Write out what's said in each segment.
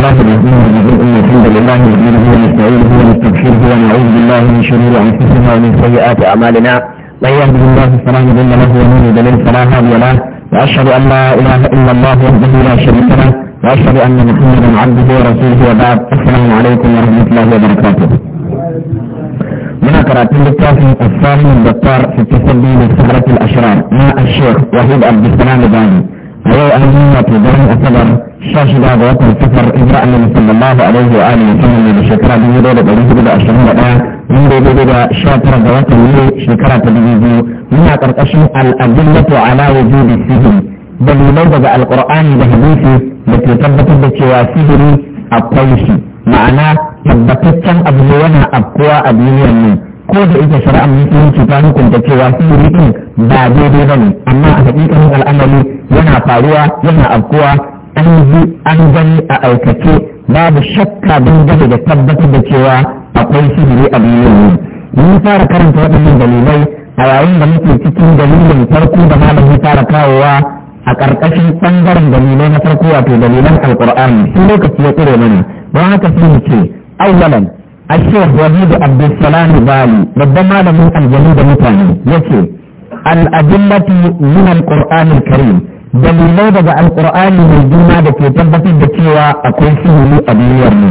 الله الرحمن ان الحمد لله نحمده ونستعينه ونستغفره ونعوذ بالله من شرور انفسنا ومن سيئات اعمالنا من يهده الله فلا مضل له ومن يضلل فلا هادي له واشهد ان لا اله الا الله وحده لا شريك له واشهد ان محمدا عبده ورسوله وبعد السلام عليكم ورحمه الله وبركاته من الثاني الدكتور في التسلي لسهرة الأشرار مع الشيخ وحيد عبد السلام الباني a yau an yi wato garin asabar sha shida ga watan safar hijira annabi sallallahu alaihi wa alihi wasallam da shekara dubu ɗaya da dari hudu da ashirin da ɗaya mun daidai da sha tara ga watan yuli shekara ta dubu biyu muna ƙarƙashin al'adillatu ala wujudi sihiri dalilai daga alƙur'ani da hadisi da ke tabbatar da cewa sihiri akwai shi ma'ana tabbataccen abu ne yana afkuwa a duniyar nan ko da ita shari'ar musulunci ta hukunta cewa sihiri din ba daidai ba ne amma a hakikanin al'amari yana faruwa yana afkuwa an ji an gani a aikace babu shakka don dangane da tabbatar da cewa akwai sihiri a duniyar mun fara karanta waɗannan dalilai a yayin da muke cikin dalilin farko da malam ya fara kawowa a ƙarƙashin ɓangaren dalilai na farko wato dalilan alƙur'ani sun lokaci ya tsere mana don haka sun ce awwalan الشيخ وليد عبد السلام بالي ربما لم يكن جميل مثلا يسي الأدلة من القرآن الكريم dalilai daga alkur'ani mai girma da ke tabbatar da cewa akwai sihiri a duniyar mu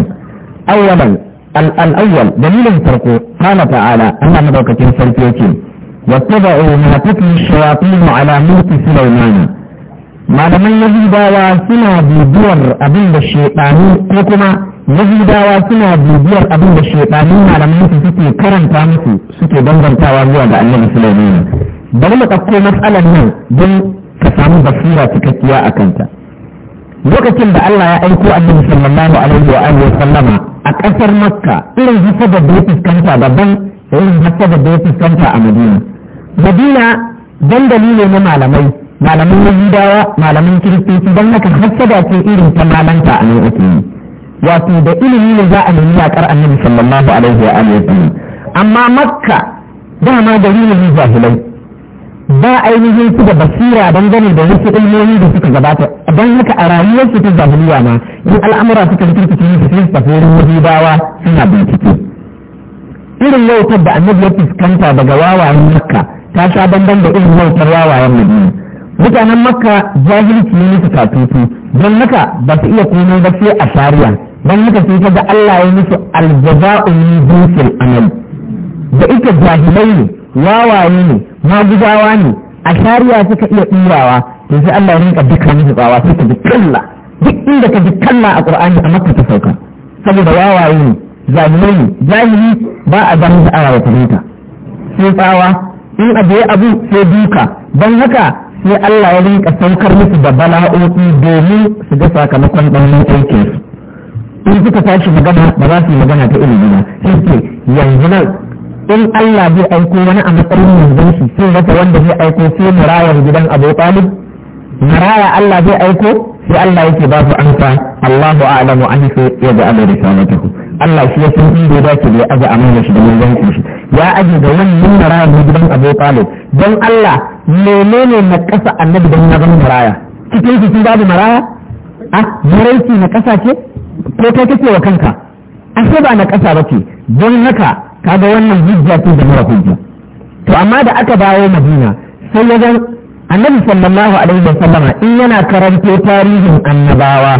awwalan al-awwal dalilin farko kana ta'ala Allah madaukakin sarki yake wattaba'u ma tatlu shayatin ala mulki sulaiman malaman yahudawa suna bibiyar abin da ko kuma yahudawa suna bibiyar abin da shaitanin malamai su suke karanta musu suke bambantawa zuwa ga annabi sulaiman bari mu ɗauko matsalar nan don ka samu basira cikakkiya a kanta lokacin da Allah ya aiko annabi sallallahu alaihi wa alihi sallama a ƙasar makka irin hasabar da ya fuskanta daban da irin hasabar da ya fuskanta a madina madina dandali ne na malamai malamin yahudawa malaman kiristoci don haka hasada ce irin ta malanta a nan wato da ilimi ne za a nemi yaƙar annabi sallallahu alaihi wa alihi amma makka dama gari ne jahilai ba ainihin su da basira dangane da wasu ilmomi da suka gabata don haka a rayuwarsu ta jahiliya ma yin al'amura suka fi turkuki su sun tafi wurin wajibawa suna bincike irin wautar da annabi ya fuskanta daga wawayen makka ta sha bamban da irin wautar wawayen madina mutanen makka jahilci ne suka tutu don haka ba su iya komai ba sai a shari'a don haka sai kaga Allah ya musu aljaza'u min jinsil amal da ita jahilai ne wawaye ne magudawa ne a shari'a suka iya turawa, to sai Allah ya rinka duka musu tsawa sai ka dukkanla duk inda ka dukkanla a Qur'ani a Makka ta sauka saboda wawaye ne jahilai ne jahili ba a da sa ta fahimta sai tsawa in abu ya abu sai duka don haka sai Allah ya rinka saukar musu da bala'o'i domin su ga sakamakon ɗan aikinsu in suka tashi magana ba za su yi magana ta ilimi ba sai ce yanzu nan in Allah zai aiko wani a matsayin manzon shi sai rasa wanda zai aiko sai murayar gidan Abu Talib maraya Allah zai aiko sai Allah yake ba su amsa Allahu a'lamu an su ya ga Allah risalatuhu Allah shi ya san inda ya dace da ya aza amana shi da manzon shi ya aje ga wannan marayar gidan Abu Talib don Allah menene na kasa annabi don na zama maraya cikin su babu maraya a ah, maraici na kasa ce ko kai kake wa kanka ashe ba na ƙasa ba ce don haka ka ga wannan hujja ce da mara hujja to amma da aka dawo madina sai ya ga annabi sallallahu alaihi wa sallama in yana karanto tarihin annabawa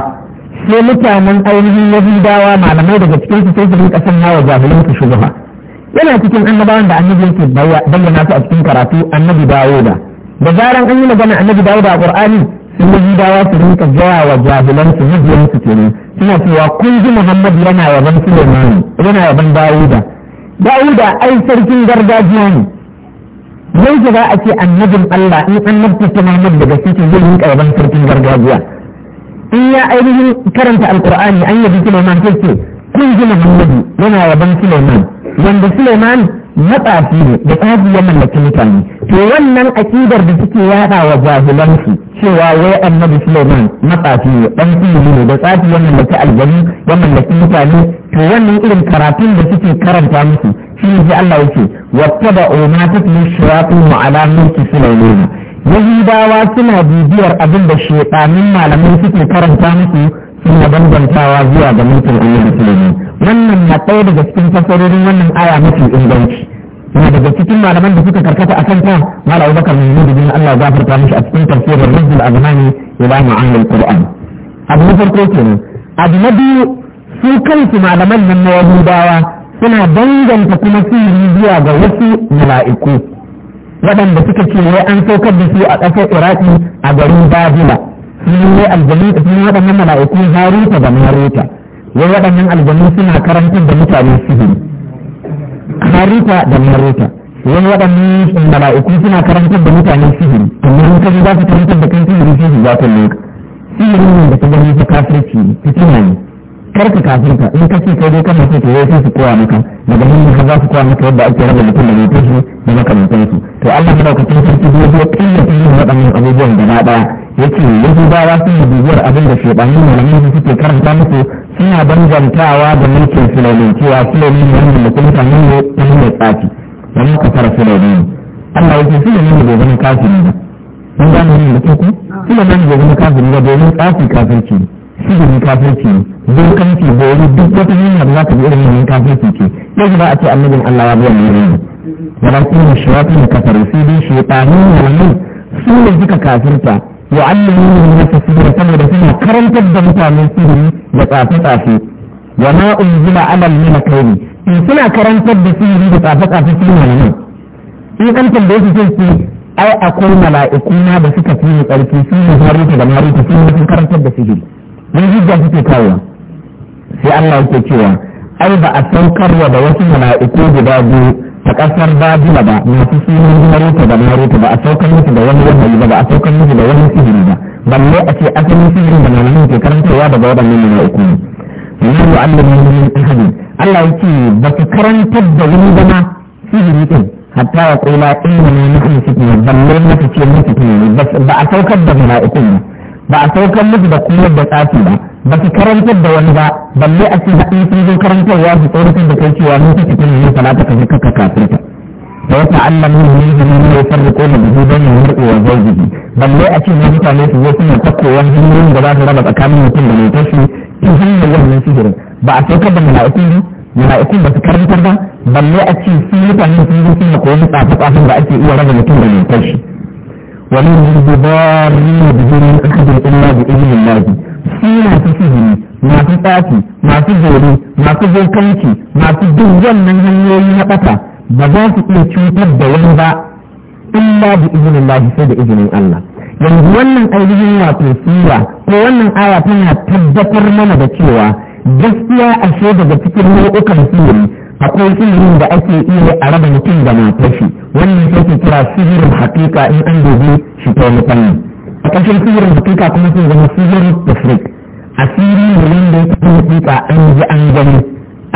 sai mutanen ainihin yahudawa malamai daga cikin su sai su rinka san wa jahilin su shubha yana cikin annabawan da annabi yake bayyana su a cikin karatu annabi dawo da zaran an yi magana annabi dawo a qur'ani sun yahudawa su rinka gaya wa jahilan su mabiyan su kenan suna cewa kun ji Muhammad yana yaban sulemani yana yaban Dawuda Dawuda ai sarkin gargajiya ne yau da za a ce annabin Allah in annabta ta Muhammad daga cikin zai yi karban sarkin gargajiya in ya ainihin karanta alkur'ani an yabi sulemani sai ce kun ji Muhammad yana yaban sulemani wanda sulemani. matsafi ne da tsafi ya mallaki mutane to wannan akidar da suke yada wa jahilansu cewa wai annabi Suleiman matsafi ne dan fili ne da tsafi ya mallaki aljanu ya mallaki mutane to wannan irin karatun da suke karanta musu shi ne Allah yake wattaba'u ma tatlu shayatin ala mulki Suleiman yahudawa suna bibiyar abin da shedanin malamai suke karanta musu suna bambantawa zuwa ga mulkin Allah wannan na ɗaya daga cikin fasarorin wannan aya mafi inganci ne daga cikin malaman da suka karkata a kanta mala abubakar mai yi da Allah gafarta mashi a cikin tafsirin rajul azmani ya ba mu qur'an abu na farko ne abu na biyu su kansu malaman nan na yahudawa suna danganta kuma sihiri zuwa ga wasu mala'iku waɗanda suka ce wai an saukar da su a ƙasar iraki a garin babila sun yi aljanu sun waɗannan mala'iku haruta da maruta wai waɗannan aljanu suna karantar da mutane sihiri harita da marita wani waɗannan mala'iku suna karantar da mutane sihiri amma in kaji za su karantar da kan sihiri sai su za ta loka sihirin nan da ta gani ta kafirci ne fitina ne karka kafirka in ka ce kai dai kana so to sai su koya maka daga nan ne za su koya maka yadda ake raba mutum da mutum shi da makamantan su to Allah ya dauka tun sarki zai zo kallata yin waɗannan abubuwan gaba ɗaya ba yahudawa sun yi bibiyar abin da shebanin malamai suke karanta musu ina banzantawa da mulkin sulaimin cewa sulaimin wannan mutunta ne ne mai tsafi da muka fara sulaimin Allah ya ce sulaimin ne gobe kafiri ne mun gane ne da kuku sulaimin ne gobe kafiri ne domin tsafi kafirci ne shirin kafirci ne dokanci gobe duk wata hanya da za ka bi irin wannan kafirci ce yanzu ba a ce annabin Allah ya biya mai rai da ba kuma shi wata ne kafare sai dai shi ta nuna wannan su ne suka kafirta yu'allimuna min tasbih karantar da mutane sihiri da tsafe-tsafe wa ma unzila in suna karantar da sihiri da in an tambaye sai su ai akwai mala'iku da suka fi ni tsarki da maruta karantar da mun sai cewa ai ba a saukarwa da wasu mala'iku guda biyu ta ƙasar babila ba masu sunan maruta da maruta ba a saukar musu da wani wahayi ba ba a saukar musu da wani sihiri ba balle a ce asalin sihirin da malamin ke karantarwa daga waɗannan ne na uku ne na yi annabi min ahadi Allah ya ce ba su karantar da wani zama sihiri ɗin hatta ya kula inna ma nahnu fitna balle na ce musu ba a saukar da mala'ikun ba ba a saukar musu da kuma da tsafi ba ba su karantar da wani ba balle a ce haɗin sun zo ya su tsoratar da kai cewa mun kake kan yin salata ka ka ka kafirta da wata Allah mun yi da mun yi farko ko da bihi don yin murɗe wa jiki balle a ce mun mutane su zo suna wani hanyoyin da za su raba tsakanin mutum da mai tashi ta hanyar wannan sihirin ba a saukar da mala'ikun ba mala'ikun ba su karantar ba balle a ce sun mutane sun zo suna koyon tsafi tsafin da ake iya raba mutum da mai tashi ومن بضارين به من أحد إلا بإذن الله سينا تسهل ما تتاتي ما تزوري ما تزوكيتي ما تدوزن من هنيوي نقطة بذات إيه تشوتب بيانبا إلا بإذن الله سيد إذن الله yanzu wannan ainihin wato sura ko wannan aya tana tabbatar mana da cewa gaskiya ashe daga cikin nau'ukan sirri akwai ilimin da ake iya a raba mutum da matashi wannan sai ke kira sihirin hakika in an dubi shi ta wani fanni a ƙarshen sihirin hakika kuma sun zama sihirin tafrik asiri ne wanda ya fi hakika an ji an gani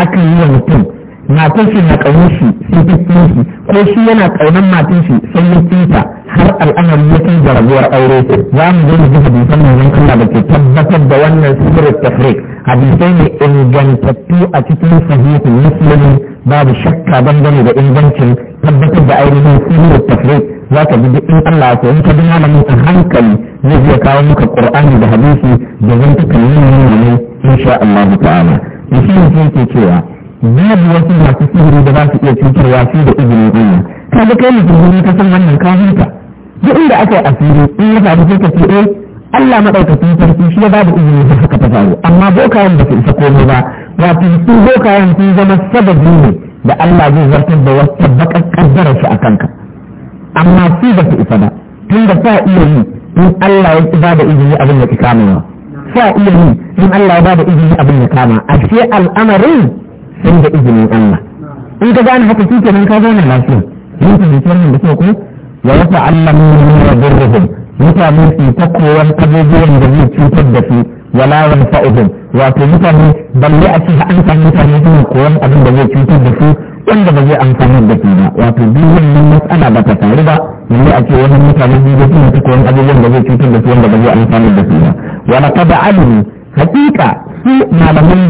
aka yi wa mutum matashi na ƙaunar shi sun fi ko shi yana ƙaunar matashi yi ya har al'amar ya da rabuwar aure za mu zo mu ji hadisan nan Allah da ke tabbatar da wannan sirrin tafrik hadisai ne ingantattu a cikin sahihu musulmi babu shakka dangane da ingancin tabbatar da ainihin sirrin tafrik za ka bi in Allah ya koyi ka bi malamin a hankali zai iya kawo muka qur'ani da hadisi da zan ta kalli ne insha Allah ta'ala shi ne ce cewa babu wasu masu sihiri da za su iya cutarwa su da izinin Allah kaga kai mutum ne ka san wannan ka duk da aka yi asiri in ya faru sai ka ce eh Allah madaukakin sarki shi ya ba da izini da haka ta faru amma bokayen ba su isa komai ba wato su bokayen sun zama sababi ne da Allah zai zartar da wata bakar kaddarar shi a kanka amma su ba su isa ba tun da sa iya yi in Allah ya ba da izini abin da ki kamewa sa iya yi in Allah ya ba da izini abin da kama ashe al'amarin sun da izinin Allah in ka gane haka shi kenan ka zauna lafiya mun fahimci nan da suka ko wa ya ta'allamu min yadurruhum mutane su ta koyon abubuwan da zai cutar da su wala yanfa'uhum wato mutane balle a cikin an san mutane suna koyon abin da zai cutar da su wanda ba zai amfani da su ba wato duk wannan matsala ba ta faru ba yanzu a ce wani mutane biyu da suna koyon abubuwan da zai cutar da su wanda ba zai amfani da su ba wala kada alimu hakika su malamin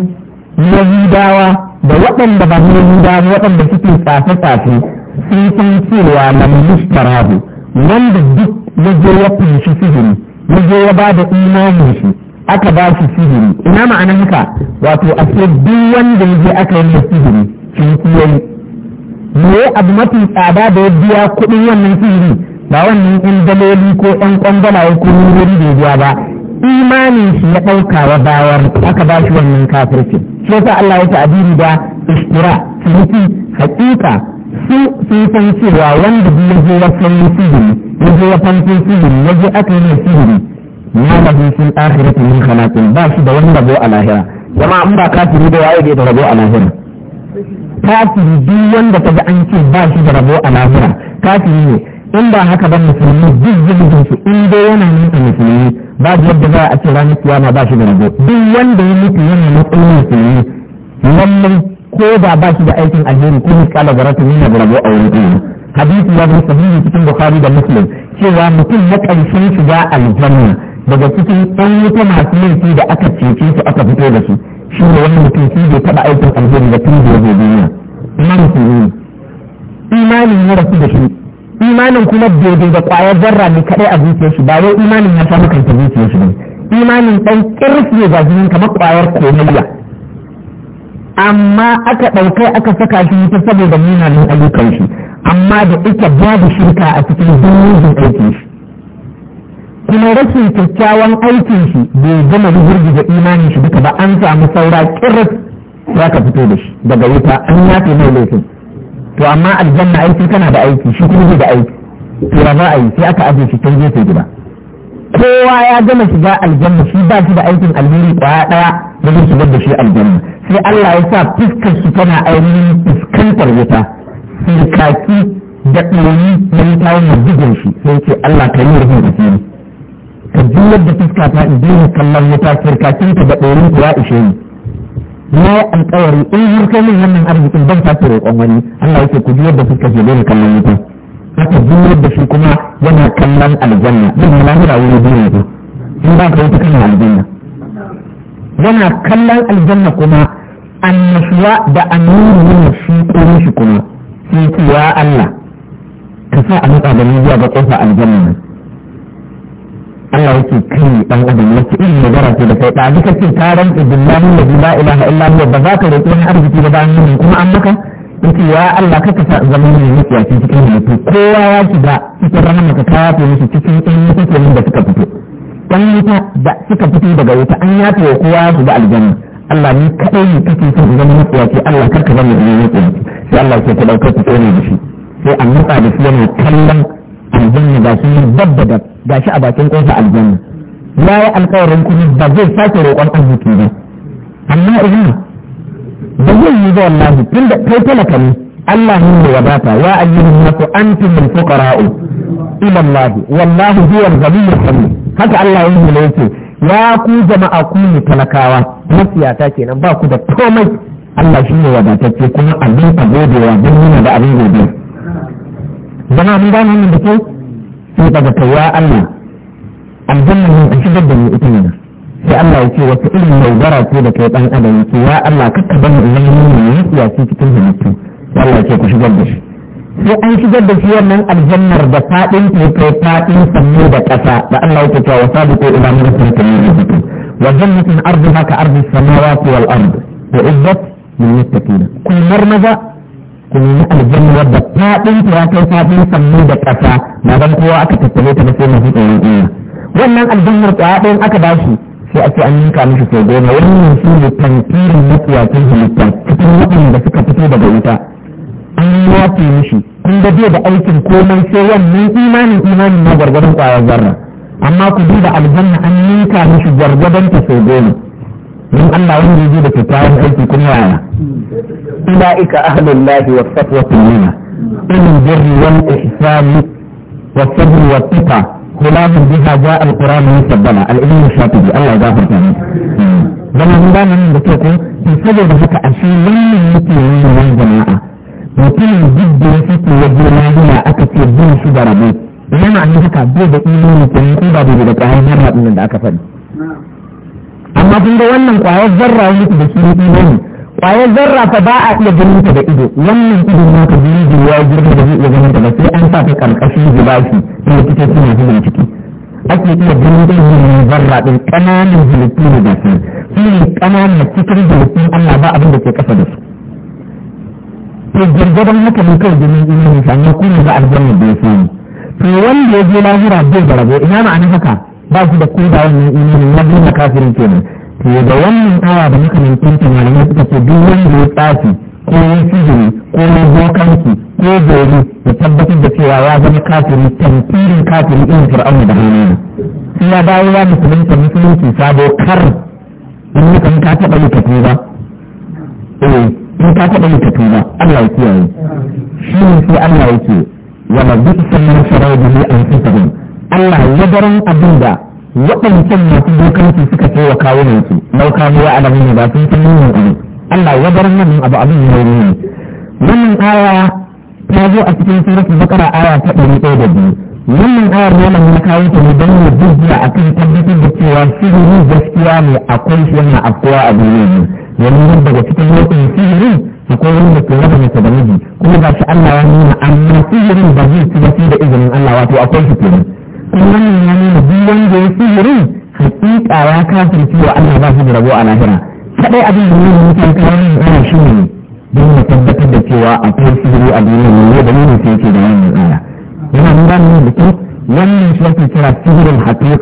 yahudawa da waɗanda ba yahudawa waɗanda suke tsafe-tsafe sun san cewa man mustarahu wanda duk ya je ya sihiri ya ya ba da imanin shi aka ba shi sihiri ina ma'anar haka wato a ce duk wanda ya je aka yi sihiri shi kuwa me abu mafi tsada da ya biya kuɗin wannan sihiri ba wannan yan daloli ko yan ya ko wuri da ya biya ba imanin shi ya ɗauka wa bayar aka ba shi wannan kafirci shi yasa Allah ya ta'abiri da istira ciniki hakika su sun san cewa wanda biyu zai ya san sihiri ya zai ya san sihiri ya zai aka yi sihiri ma da sun ta min khalaqin ba shi da wani rabo a lahira jama'a in ba kafiri da waye da rabo a lahira kafiri duk wanda ga an ce ba shi da rabo a lahira kafiri ne in ba haka ba musulmi duk zubin su in dai yana nufin musulmi ba da yadda za a ce ranar kiyama ba shi da rabo duk wanda ya mutu yana matsayin musulmi lallai ko da ba shi da aikin alheri ko kala garatu ne da rabo a wurin hadisi ya zo sahihi cikin bukhari da muslim cewa mutum na ƙarshen shiga aljanna daga cikin ɗan wuta masu laifi da aka cece su aka fito da su shi ne wani mutum shi bai taɓa aikin alheri da tun da ya ne, duniya imam musulmi imanin ya rasu da shi imanin kuma daidai da ƙwayar zarra ne kaɗai a zuciyar shi ba wai imanin ya samu kanta zuciyar shi ba imanin ɗan ƙirfi ne ga jinin kamar ƙwayar komaiya amma aka ɗaukai aka saka shi wuta saboda munanan ayyukan shi amma da ita ba da shirka a cikin duniyan aikin shi kuma rashin kyakkyawan aikin shi bai gama da imanin shi duka ba an samu saura kirrit za ka fito da shi daga wuta an yafe mai laifin to amma aljanna aiki kana da aiki shi kuma da aiki to ba a yi sai aka ajiye shi can gefe gida kowa ya gama shiga aljanna shi ba shi da aikin alheri kwaya daya da zai shigar da shi aljanna sai Allah ya sa fuskar su tana ainihin fuskantar wuta sai kaki da ɗoyi na wuta yana bugun shi sai ce Allah ka yi rufin asiri ka juyar da fuska ta in daina kallon wuta kirkakin ka da ɗoyin ya ishe ni na yi alkawari in har kai min wannan arzikin ban tafi roƙon wani Allah yake ku juyar da fuska ke daina kallon wuta haka juyar da shi kuma yana kallon aljanna zai yi lahira wuri biyu ne in ba ka wuta kan aljanna yana kallon aljanna kuma annashuwa da annuru ne shi kuma shi kuma sai ya Allah ka sa a nutsa da zuwa ga kofa aljanna nan Allah yake kai dan adam yake in magana ce da kai da duka ce taron billahi la ilaha illa huwa ba za ka roƙi wani arziki ba bayan nan kuma an maka yace ya Allah ka ka sa zama ne mutuwa cikin mutu kowa ya shiga cikin ranar ka kawo shi cikin ɗan mutuwa da suka fito ɗan wuta da suka fito daga wuta an yafe wa kowa su da aljanna Allah ni kaɗai ne kake son in zama ce Allah kar ka zama in matsiyaci sai Allah ke ta ɗaukar fito ne da shi sai an matsa da shi yana kallon aljanna ga shi dabba da ga shi a bakin ƙofa aljanna ya yi alkawarin kuma ba zai sake roƙon arziki ba amma ina ba zai yi ba wallahi da kai talaka ne Allah ne ya bata ya ayyuhu nasu antum al-fuqara'u ila Allah wallahi huwa al-ghaniyyul hamid haka Allah yake ne yake ya ku jama'a ku ne talakawa masiyata kenan ba ku da komai Allah shi ne wadatacce kuma abin a godewa don nuna da abin gobe zama mun gane wannan da kyau sai daga kai ya Allah An ne a shigar da mu ita ne sai Allah ya ce wata irin yaudara ce da kai dan adam ya Allah kakka bani in yi nuna ne ya cikin halittu Allah ya ce ku shigar da shi sai an shigar da shi wannan aljannar da faɗin ta faɗin fadin sannu da ƙasa da Allah yake cewa sabiqu ila marhatin min wa jannatin arduha haka ardi samawati wal ard wa izzat lil muttaqin kun marmaza kun yi aljannar da faɗin ta kai fadin sannu da ƙasa ba dan kowa aka tattale ta ba sai mafi tsoron Allah wannan aljannar kwaya ɗayan aka bashi sai ake an yanka mishi sau goma wannan shi ne tantirin matsiyacin halitta cikin da suka fito daga wuta an wace mishi kun ga da aikin komai sai wannan imanin imanin na gwargwadon kwayar zarra amma ku duba aljanna an ninka mishi gwargwadon ta sau goma don Allah wanda yaje da kyakkyawan aiki kun yaya ulaika ahlullahi wa safwatu lana in birri wal ihsani wa sabri wa taqa غلام بها جاء القران Allah ya الشاطبي الله يغفر له زمان زمان da ke ko sai saboda haka ashe wannan yake yin jama'a mutumin duk da ya sake ya je lahira aka ce bin shi da rabu yana ne haka bai da imani kenan ko ba bai da ƙwayar zarra ɗin da aka faɗi amma kun ga wannan ƙwayar zarra wani da shi ne imani ƙwayar zarra fa ba a iya ganin ta da ido wannan ido ne ka jini da ya girma da zai iya ganin ta ba sai an sa ta ƙarƙashin gilashi da likita suna zuwa ciki ake iya ganin da yin zarra ɗin ƙananan halittu ne da su su ne ƙananan cikin halittun Allah ba abin da ke ƙasa da su to gurgurdan haka ne kai domin imani sa ne kuma ga aljanna da ya sani to wanda ya je lahira bai da rabo ina ma'ana haka ba su da koda wannan imanin na dole kafirin kenan to da wannan awa da muka mintin ta malamai suka ce duk wanda ya tsafi ko ya sihiri ko ya bokanki ko dori ya tabbatar da cewa ya zama kafiri tantirin kafiri irin fir'auna da hannu sai ya dawo ya musulunta musulunci sabo kar in mutum ka taɓa yi ba eh in ka taɓa yi ka ba Allah ya kiyaye shi ne sai Allah yake wala bi sallan sarai da an fitahum Allah ya daren abin da waɗancan masu dokanci suka ce wa kawo mai su nauka ne alamu ne ba sun san nuna abu Allah ya daren nan abu abin ne ne wannan aya ta zo a cikin suratul baqara aya ta 102 wannan ne yana mun kawo ta don mu dubiya akan tabbatar da cewa sirri gaskiya ne akwai shi yana afkowa a duniya wannan daga cikin nau'in sihirin akwai da ke raba da miji kuma ga shi Allah ya nuna amma sihirin ba zai ci da izinin Allah wato akwai shi kenan kuma wannan ya nuna duk wanda ya sihirin hakika ya kafirce wa Allah ba shi da rabo a lahira kadai abin da nuna mutane kawai ne ana shi ne don ya tabbatar da cewa akwai sihiri a duniya ne da nuna sai yake da wannan aya yana nuna ne da kyau wannan shi ake kira sihirin hakika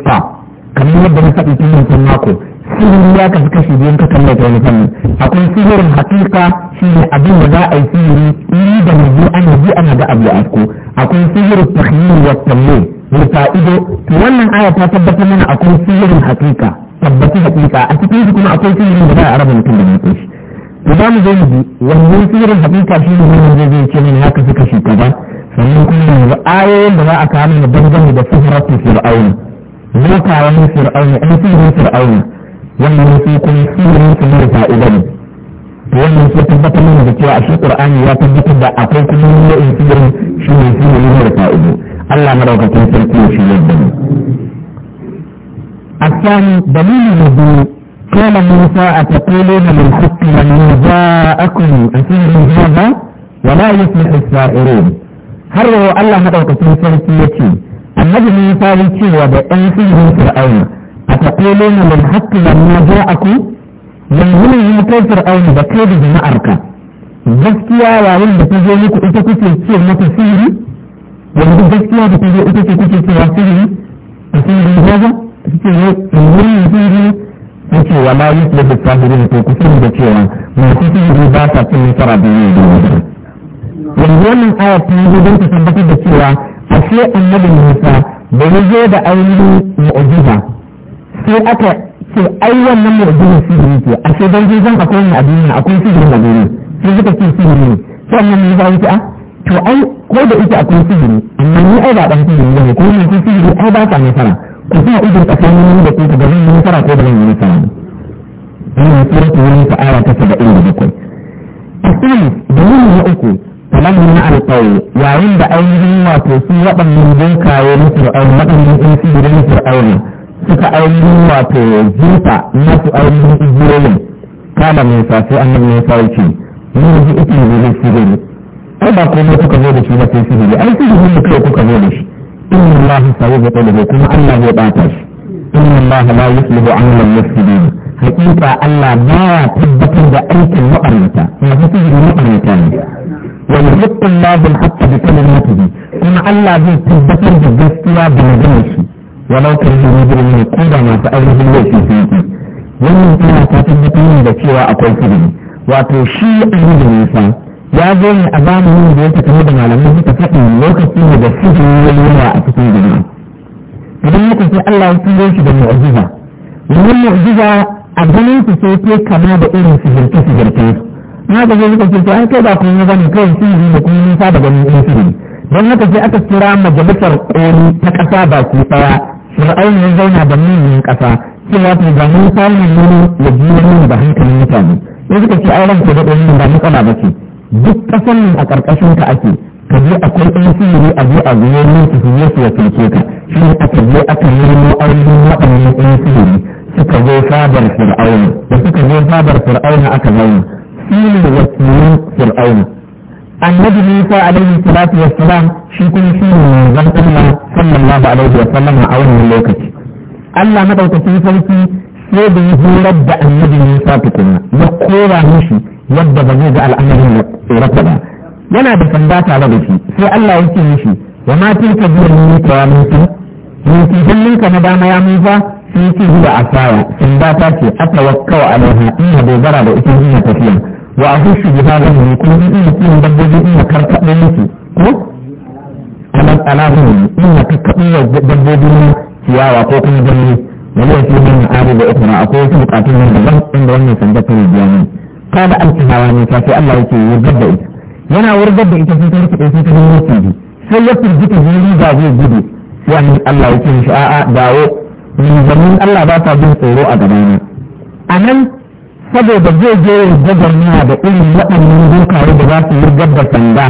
kamar yadda na faɗi cikin mako sihiri ya kasu kashi biyan ka kalla ta wani akwai sihirin hakika shi ne abin da za a yi sihiri ni da mai yi ana ji ana ga abu asko akwai sihirin tahmir wa tamlo rufa ido to wannan aya ta tabbatar mana akwai sihirin hakika tabbaci hakika a cikin shi kuma akwai sihirin da za a raba mutum da mutum shi to za mu zo mu ji wannan sihirin hakika shi ne wani zai zai ce mana ya kasu kashi kaza sannan kuma yanzu ayoyin da za a kawo mana dangane da sihiratin fir'auna wani fir'auna ɗan sihirin fir'auna wannan sai kuma sirrin su ne fa'ida ne wannan sai tabbatar mana da cewa a shi qur'ani ya tabbatar da akwai kuma nau'in sirrin shi ne shi ne fa'ida Allah madaukakin sarki ya shi yadda ne الثاني دليل الوضوء a موسى a للحق لما جاءكم أسير هذا ولا يفلح السائرون har yau Allah madaukakin sarki ya ce annabi Musa ya ce wa da ɗan sirrin Fir'auna أتقولون للحق لما جاءكم من هنا هنا كافر أو مذكر بما أركا جسكيا وعلم بتجيبك إتكت يتصير متصيري ومن جسكيا بتجيب إتكت يتصير متصيري تصير من هذا تصير من هنا يتصيري يتصير وما يسلب التابرين في كثير بكيرا ما تصير مباسة في مصر بيين ومن هنا من آية تنجدون تصبت بكيرا أشياء النبي موسى بيجيب أولي مؤجزة sai aka ce ai wannan murjin sihiri ke a ce don zan a kowane a duniya akwai sihiri a duniya sai suka ce sihiri ne sai annan ne zai ce a ah, to ai ko da ita akwai sihiri amma ni ai ba dan sihiri ne ko ni sihiri ai ba ta nasara ku sa idan tsakanin ni da ku ga zan nasara ko ba zan nasara ne ne ta wani ta'ala ta saba ɗin da 77 asali dalili na uku kamar na alƙawai yayin da ainihin wato su waɗannan jinkaye na fir'auna waɗannan ɗan sihirin fir'auna suka ainihin wato jifa na su ainihin igiyoyin kama mai sai annabi ya sa yake mun ji ita ne zai sihiri ai ba komai kuka zo da shi ba sai sihiri ai sihiri ne kai kuka zo da shi inna allaha sawi ya tsalabe kuma allah zai bata shi In inna allaha la yuslihu amalan mufsidin hakika allah baya tabbatar da aikin mabarnata masu sihiri mabarnata ne Wani ويحق kuma Allah zai tabbatar da gaskiya da بالجسد بمدنه walau kan su ne birni ne kuma masu ainihin laifi su yi wannan tana ta tabbatar da cewa akwai sirri wato shi annabi Musa ya zo ne a zamanin da ya tafi da malamai suka faɗi lokacin da sihiri ya yawa a cikin jama'a idan lokacin Allah ya turo shi da mu'jiza wannan mu'jiza a ganin su sai ke kama da irin su su sihirce na da zai suka ce to an kai ba kuma bane kai sihiri da kuma nisa da ganin irin sihiri don haka sai aka kira majalisar ƙoli ta ƙasa ba baki ɗaya fir'aun ya zauna da manyan ƙasa cewa to ga mun samu nuna ya biyo nuna da hankalin mutane in suka ce ai ranka da ɗanin ba matsala ba ce duk ƙasan nan a ƙarƙashin ka ake ka je akwai ɗan sihiri a je a zuwa ne su zuwa su ya tunce ka shi ne aka je aka yi ma'aunin waɗannan ɗan sihiri suka zo fadar fir'auna da suka zo fadar fir'auna aka zauna shi ne wakilin fir'auna annabi Musa alaihi salatu wassalam shi kun shi ne manzon Allah sallallahu alaihi wasallam a wannan lokaci Allah madaukakin sarki sai da ya horar da annabi Musa tukuna ya kora yadda ba zai ga al'amarin ya tsorata ba yana da sanda tare da shi sai Allah ya ce mishi wa ma tilka biyar Musa ya Musa Musa hannunka na dama ya Musa sai ce zuwa asara sanda ta ce aka wakkawa alaiha ina dogara da ita ina tafiya wa a hushi gida da mu kuma in ina kiwon dabbobi ina karkaɗe musu ko kamar alamun ina karkaɗe wa dabbobi na ciyawa ko kuma ganye da zai fi min ari da ukura akwai wasu bukatun nan daban inda wannan sanda ta yi ne kada an ci hawa ne sai Allah yake wurgar da ita yana wurgar da ita sai ta rike sai ta nuna cibi sai ya firgita jiri ba zai gudu sai Allah yake shi a'a dawo ni zamin Allah ba ta bin tsoro a gabana a nan saboda zai je ya gwagwarmaya da irin waɗannan dukaye da za su yi gabda sanda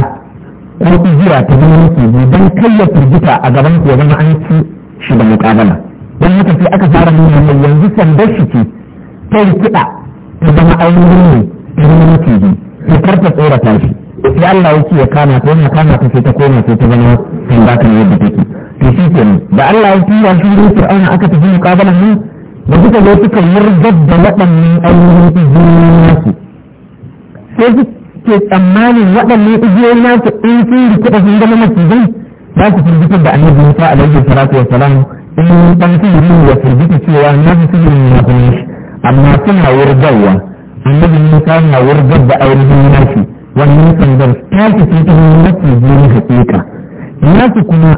ko igiya ta zama biyu don kai ya firgita a gaban ko zama an ci shi da muƙabala don haka sai aka fara nuna mai yanzu sandar shi ce ta yi kiɗa ta zama ainihin ne ta zama mutum ta karta tsorata shi sai Allah yake ya kama ta yana kama ta sai ta koma sai ta zama sanda kan yadda take to shi kenan da Allah ya tura shi ne fir'auna aka tafi muƙabalan ne. da suka zo suka yargar da waɗannan ainihin igiyoyin nasu sai suke tsammanin waɗannan igiyoyin nasu in sun rikida sun zama macizai za su firgitar da annabi musa alaihi salatu wa salam in ɗan sihiri ya firgita cewa na fi sihirin na kuma amma suna wurgarwa annabi musa na wurgar da ainihin nashi wannan sandar ta fi sun tafi macizai hakika nasu kuma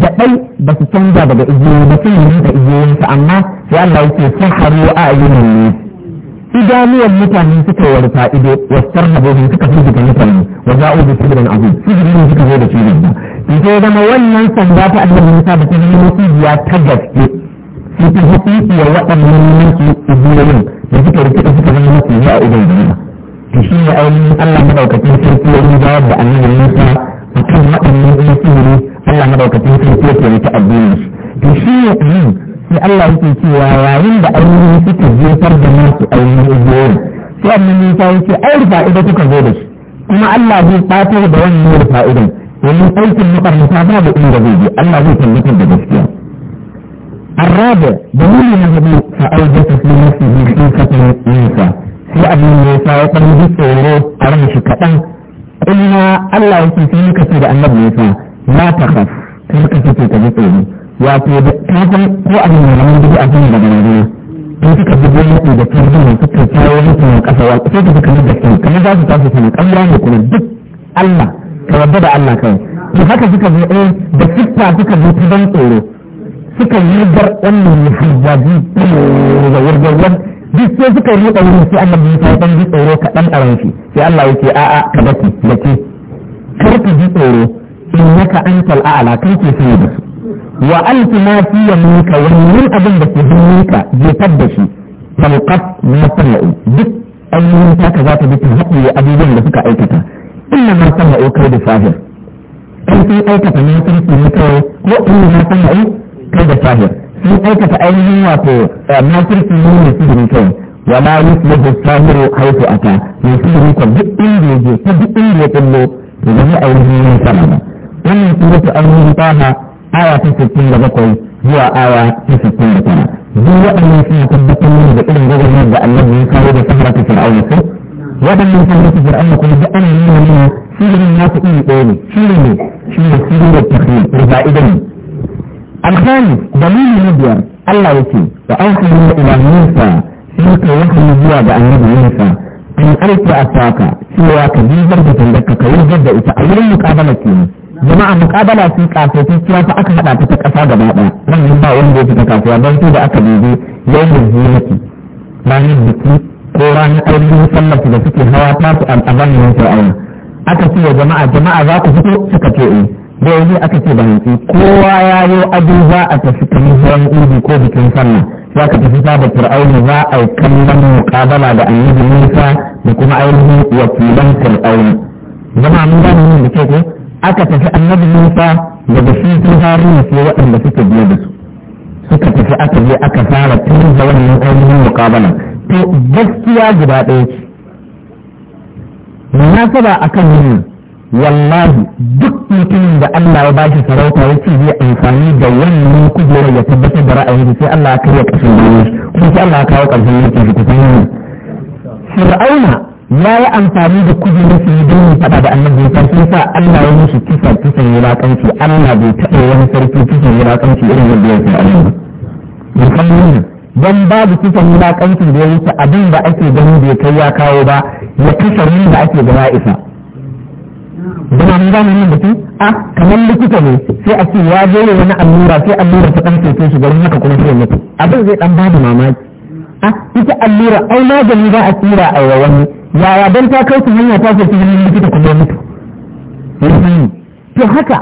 da ɗai ba su canza daga igiyoyi ba sun yi ta igiyoyinsa amma ya Allah yake sun haru a ayyunan ne idanuwan mutane suka warta ido wasu habobin suka fi daga mutane wa za'u bi sirrin azim sirrin ne suka zo da sirrin ba sai zama wannan sanda ta annabi Musa da ta zama musibiya ta gaske sai ta hukunci wa waɗannan mulki ibiyoyin da suka da suka zama musibiya a idan jama'a to shi ne ainihin Allah madaukakin sarki ya yi bayar da annabi Musa a akan waɗannan mulki Allah madaukakin sarki ya ke ta addinin shi to shi ne sai Allah yake cewa yayin da ainihin suka jefar da nasu ainihin goyon sai annabi Musa yake ai fa'ida suka zo da shi kuma Allah zai fatar da wannan fa'idan domin aikin makaranta babu inda zai je Allah zai tabbatar da gaskiya الرابع دليل النبي فأوجس في نفسه خيفة موسى في أبي موسى وقد جسره قرن شكتان قلنا الله يسلسلك في النبي موسى لا تخف تلك في تجسره wato da kafin ko a nan malaman dubu a kan daga Najeriya in suka bi gwamnati da tarjuma suka kawo yankin kasa wa sai ka kamar da kai kamar za su tashi sana kamar ne kuma duk Allah ka yarda da Allah kawai to haka suka zo eh da fitta suka zo ta ban tsoro suka yi gar wannan ne hajjaji da wani duk sai suka yi da wurin sai Allah ya dan ji tsoro ka dan aran sai Allah ya ce a'a ka baki da ke kar ka ji tsoro in naka antal a'la kan ke sani da su wa alfi ma fi yaminka wannan abin da ke hannunka jefar da shi falqat ma sana'u duk ainihin taka za ta bi ta haɗe abubuwan da suka aikata inna ma sana'u kai da sahir kai sun aikata na sun su ne ko inna ma sana'u kai da sahir sun aikata ainihin wato na sun su ne su ne kawai wala yuslihu sahiru haifu ata mai su ne kawai duk inda ya je ta duk inda ya kullo to zama ainihin sama wannan suratu ainihin taha awa ta sittin da bakwai zuwa awa ta sittin da tara duk waɗannan suna tabbatar mana da irin gwagwarmar da allah ya kawo da sahara ta fir'auna ko waɗannan sahara ta fir'auna kuma duk ana nuna mana sihirin nasu iri ɗaya ne shi ne shi ne sihirin da tafiye rufa'idan ne alkhali dalili na biyar Allah ya ce wa an kuma ila Musa sai ka wahayi zuwa ga annabi Musa an aika a saka cewa ka bibar da tandaka ka wurgar da ita a wurin muƙabala kenan jama'a muƙabala sun kasuwa fa aka haɗa ta ta kasa gaba nan yin ba da ya fita kasuwa don su da aka dubi yawan zuwaki ranar biki ko ranar ainihin sallar da suke hawa ta su al'aban ne sai aka ce wa jama'a jama'a za ku fito suka ce eh da yanzu aka ce ba yanzu. kowa ya yi ado za a tafi kamar ibi ko bikin sallah za ka tafi sa da fir'auna za a yi kallon mukabala da annabi musa da kuma ainihin wakilan fir'auna jama'a mun gane da ke ko aka tafi annabi Musa daga shi Haruna sai waɗanda suka biya da su suka tafi aka je aka fara tun da wannan ainihin muƙabala to gaskiya guda ɗaya ce munasaba akan wannan wallahi duk mutumin da Allah ya bashi sarauta ya ce zai amfani da wannan kujerar ya tabbatar da ra'ayin sai Allah ya karya ƙarshen duniya kuma sai Allah ya kawo ƙarshen yankin shi kusan yana Fir'auna ya yi amfani da na su yi don faɗa da annabi ta sun sa Allah ya mishi kisa kisan wulaƙanci Allah bai taɓa wani sarki kisan wulaƙanci irin yadda ya fi Allah musamman don babu kisan wulaƙanci da ya wuce abin da ake gani bai kai ya kawo ba ya kisa wani da ake gana isa zama mun gane nan mutum a kamar likita ne sai a ce ya je wani allura sai allura ta ɗan ceto shi garin haka kuma sai mutu abin zai ɗan bada mamaki a ita allura ai magani za a tsira a wani yaya don ta kai su hanya ta sauki hannun likita kuma mutu to haka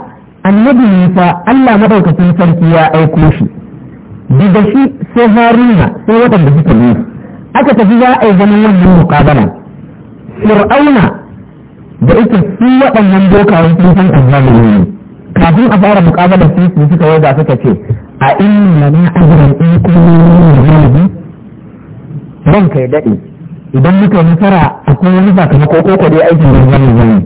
annabi Musa Allah madaukakin sarki ya aiko shi daga shi sai Haruna sai waɗanda suka yi. aka tafi za a yi ganin wannan muqabala Fir'auna da ita su waɗannan bokayen sun san annabi ne kafin a fara muqabala sun su suka waga suka ce a inna na ajran in kunna ranka ya dade idan muka nasara kun wani sakamako ko ko dai aikin da zai yi don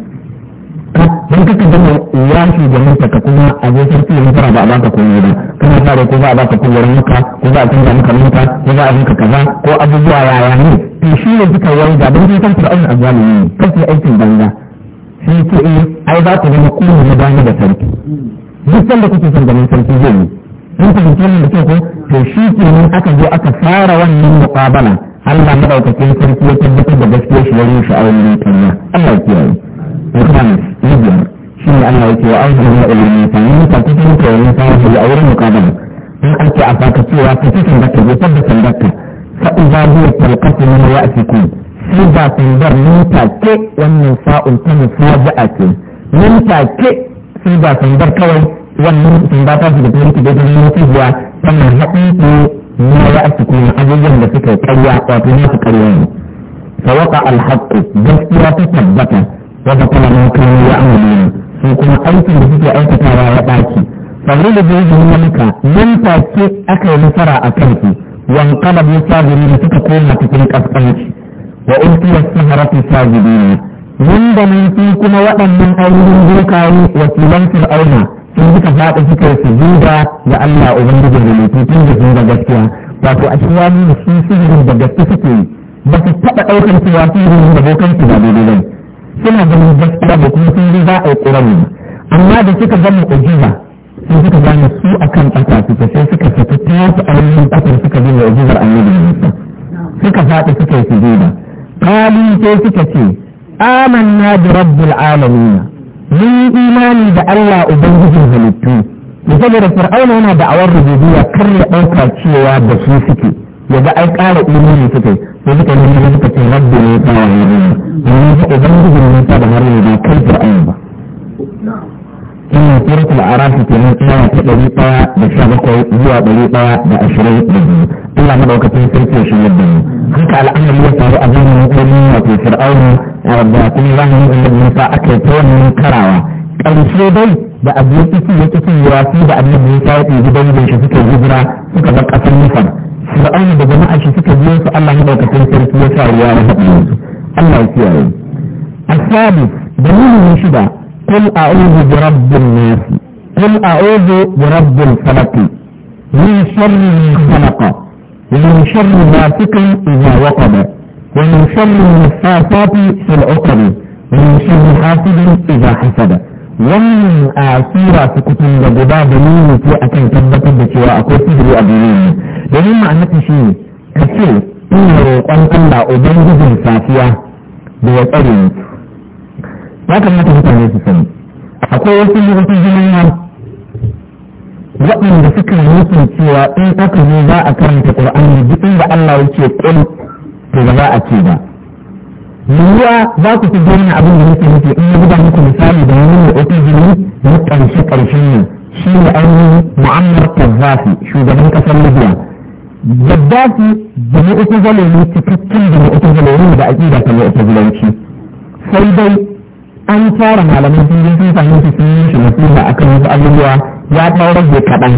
kaka da yaki da mutum ka kuma a zai sarki ya nasara ba a baka komai ba kana sa ko ba a baka kuwar muka ko ba a canza maka muka ko ba a muka kaza ko abubuwa yaya ne to shi ne suka wanda don sai kan fir'aun a zalimi ne ke aikin banza sai ke yi ai za ku zama kuma na bani da sarki duk sanda kuke son ganin sarki zai yi in fahimci wannan da kyau ko to shi ke aka zo aka fara wannan muqabala Allah madaukakin sarki ya tabbatar da gaskiyar shi wani shi a wani kanya Allah kiyaye Al-Qur'an Nabiya shi ne Allah yake wa an zuwa ilimi ta yi ta cikin koyon samun a wurin mukabala in an ce a faka cewa ta cikin da ta jefar da sandarta fa iza biya talqatu min ya'tikum shi ba sandar nan take wannan sa'un ta musaja'a ce nan take shi ba sandar kawai wannan sandar ta shiga cikin da ta yi mutuwa tana haɗin ma ya ake kuma abubuwan da suka karya wato na su karya ne sawaka alhaqqu gaskiya ta tabbata wadda kuma na kuma ya ne. su kuma aikin da suke aikatawa ya ɗaki fagri da zai yi malika nan take aka yi nasara a kansu wankala bai sabiri da suka koma cikin kaskanci wa ulkiyar saharatu sabiri ne nan da nan kuma waɗannan ainihin dukaye wasilan fir'auna sun suka faɗi suka yi sujuda ga Allah ubangijin da mutum tun da sun ga gaskiya wato a cikin wani da sun sihirin da gaske suke yi ba su taɓa ɗaukar cewa sihirin da su ba daidai ba suna ganin gaskiya ba kuma sun za a yi ƙurami amma da suka ga mu'ujiza sun suka gane su akan ƙasa suke sai suka fita ta su a wani ƙasar suka bi mu'ujizar annabi Musa suka faɗi suka yi sujuda kalin sai suka ce amanna bi rabbil alamin mun imani da Allah ubangijin halittu da saboda fir'auna yana da'awar rububiyya kar ya ɗauka cewa da su suke ya ga ai ƙara imani suke sai suka yi ne suka ce rabbi ne ta wa ne ne ta ubangijin ne ta da har ne da kai fir'auna ba ina suratul araf kenan aya ta ɗari ɗaya da sha bakwai zuwa ɗari ɗaya da ashirin da biyu Allah madaukakin sarki ya shigar da mu haka al'amari ya faru a zamanin ƙarni wato fir'auna ya rabba kuma za mu yi musa aka yi ta wannan karawa ƙarshe dai da abu ya ƙici ya ƙici ya fi da annabi musa ya ɗebi dangin shi suka hijira suka bar ƙasar misar fir'aun da jama'a shi suka biyo su allah ya ɗaukakin sarki ya sa ruwa na haɗin su allah ya kiyaye asabi dalilin shida قل أعوذ برب الناس قل أعوذ برب الفلق من شر من خلق ومن شر غاسق إذا وقب ومن شر النفاثات في العقد ومن شر حاسد إذا حسد wannan a sura su kutun da guda da nuni ce a kan tabbatar da cewa akwai sihiri a duniya domin ma'anata shi ka ce ina roƙon Allah ubangijin safiya da ya tsare ni ya kamata mutane su sani akwai wasu lokacin jimina waɗanda suka yi cewa in aka zo za a karanta ƙur'ani duk inda Allah ya ce to ba za a ce ba yiwuwa za ku fi gina abin da nake nufi in ya buga muku misali da wani mai ofisini na ƙarshe ƙarshen nan shi ne ainihin mu'ammar Gaddafi shugaban ƙasar Libya Gaddafi da mai ofisini cikakken da mai ne da aƙida ta mai ofisinanci sai dai an fara malaman jirgin sun fahimci sun yi shi nasiha akan wasu abubuwa ya ɗan rage kaɗan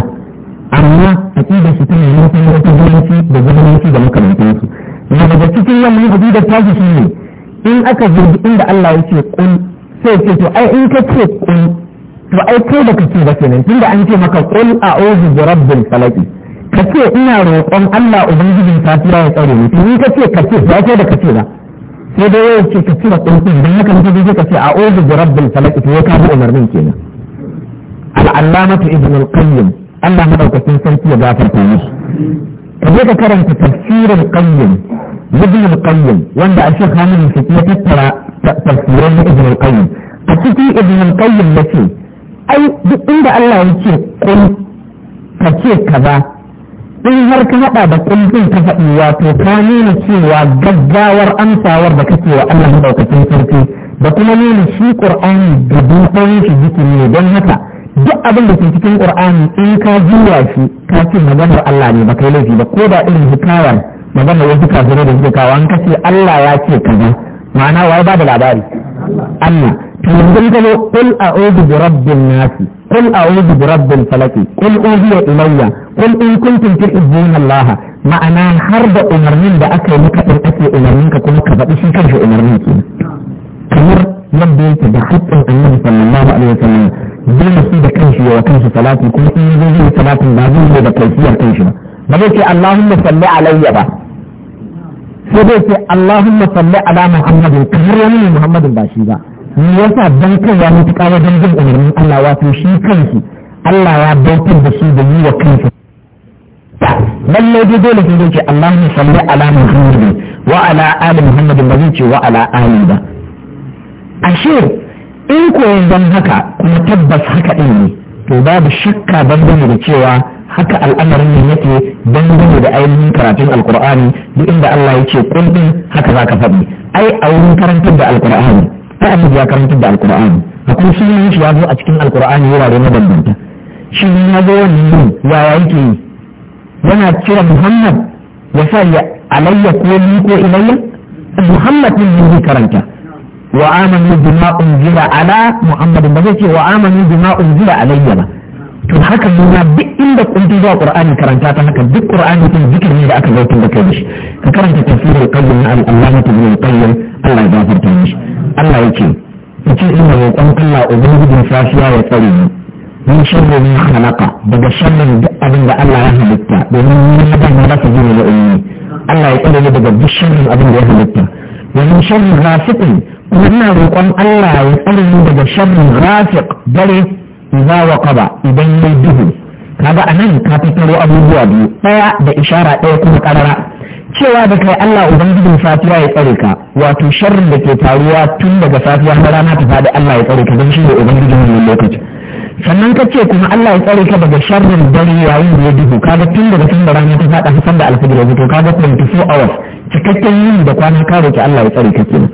amma aƙida shi tana nufin ofisinanci da zamananci da makamantansu daga cikin wannan da tashi shi ne in aka zargi inda Allah ya ce kun sai ce to ai in ka ce kun to ai kai da kake ba kenan tunda an ce maka qul a'udhu bi rabbil falaq ka ce ina roƙon Allah ubangijin safiya ya tsare ni to in ka ce ka ce ba kai da kace ba sai dai yau ce ka da kun kun dan haka ne sai ka ce a'udhu bi rabbil falaq to ya ka bi umarnin kenan al-allamatu ibn al-qayyim Allah madaukakin sarki ya gafarta mishi ka je ka karanta tafsirin qayyim ibn al-qayyim wanda a shi hamun shi ya tattara tafsirin ibn al-qayyim a cikin ibn al-qayyim yace ai duk inda Allah yake kun ka ce kaza in har ka hada da kullun ka faɗi wato ka nuna cewa gaggawar amsawar da kake wa Allah madaukakin sarki da kuma nuna shi Qur'ani da dukkan shi zikiri don haka duk abin da ke cikin qur'ani in ka juya shi ka ce maganar Allah ne ba kai laifi ba ko da irin hikayar maganar wasu kafin da suke kawo an Allah ya ce kaza ma'ana wai ba da labari Allah to yanzu in kazo qul a'udhu bi rabbin nas qul a'udhu bi rabbil falaq qul uhiya ilayya kul in kuntum tuhibbuna Allah ma'ana har da umarnin da aka yi maka din ake umarnin ka kuma ka faɗi shi kanshi umarnin ki kamar nan da yake da haƙƙin annabi sallallahu alaihi wasallam dole shi da kanshi ya kanshi salati kuma in yi zai salatin ba zai yi da tausiyar kanshi ba ba zai ce Allahumma salli alayya ba sai zai ce Allahumma salli ala Muhammadin kamar wani ne Muhammadin ba shi ba me yasa dan kai ya mutuƙa wajen jin umarnin Allah wato shi kanshi Allah ya bautar da shi da yi wa kansa. lalle dai dole sai zai ce Allahumma salli ala Muhammadin wa ala ali Muhammadin ba zai ce wa ala ali ba ashe in koyi zan haka kuma tabbas haka ɗin ne to babu shakka dangane da cewa haka al'amarin ne yake dangane da ainihin karatun alkur'ani duk inda Allah ya ce kullum haka za ka faɗi ai a wurin karantar da alkur'ani ta annabi ya karantar da alkur'ani akwai sunan shi ya zo a cikin alkur'ani wurare mabambanta shi ya zo wani yaya yake yi yana cire muhammad ya sa ya alayya ko ni ko ilayya muhammad ne zai karanta wa amanu bima unzila ala muhammadin ba zai ce wa amanu bima unzila alayya ba to haka nuna duk inda kuntu zuwa qur'ani karanta ta haka duk qur'ani din zikiri ne da aka zautar da kai shi ka karanta tafsirul qayyim na al-allama ibn qayyim Allah ya gafarta mishi Allah yake yace ina roƙon Allah ubangijin safiya ya tsare ni min sharri ma khalaqa daga sharrin duk abin da Allah ya halitta domin ni na da na rasa jini da ummi Allah ya tsare ni daga duk sharrin abin da ya halitta ومن شر غاسق ومن رقم الله يقرن daga شر غاسق dare إذا وقب إذا يده kaga anan ka fitaro abubuwa biyu daya da ishara daya kuma karara cewa da kai Allah ubangijin safiya ya tsare ka wato sharrin da ke taruwa tun daga safiya har rana ta fadi Allah ya tsare ka don shi ne ubangijin wannan lokaci sannan ka ce kuma Allah ya tsare ka daga sharrin dare yayin da ya duhu kaga tun daga sanda rana ta fada har sanda alfajir ya fito kaga 24 hours cikakken yin da kwana ka ki Allah ya tsare ka kenan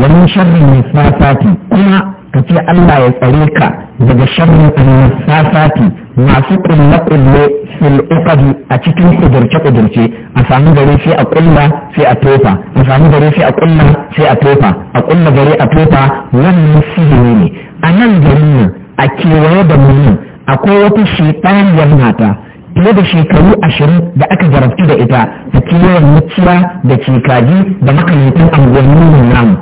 wannan sharrin ne safati kuma ka ce Allah ya tsare ka daga sharrin annasafati masu kulle-kulle fil uqadi a cikin kudurce-kudurce a sami gare sai a kulla sai a tofa a sami gare sai a kulla sai a tofa a kulla gare a tofa wannan sihiri ne a nan garin nan a kewaye da mu akwai wata shekariyar mata fiye da shekaru ashirin da aka jarabtu da ita da kiwon mutuwa da cikaji da makarantar anguwannin namu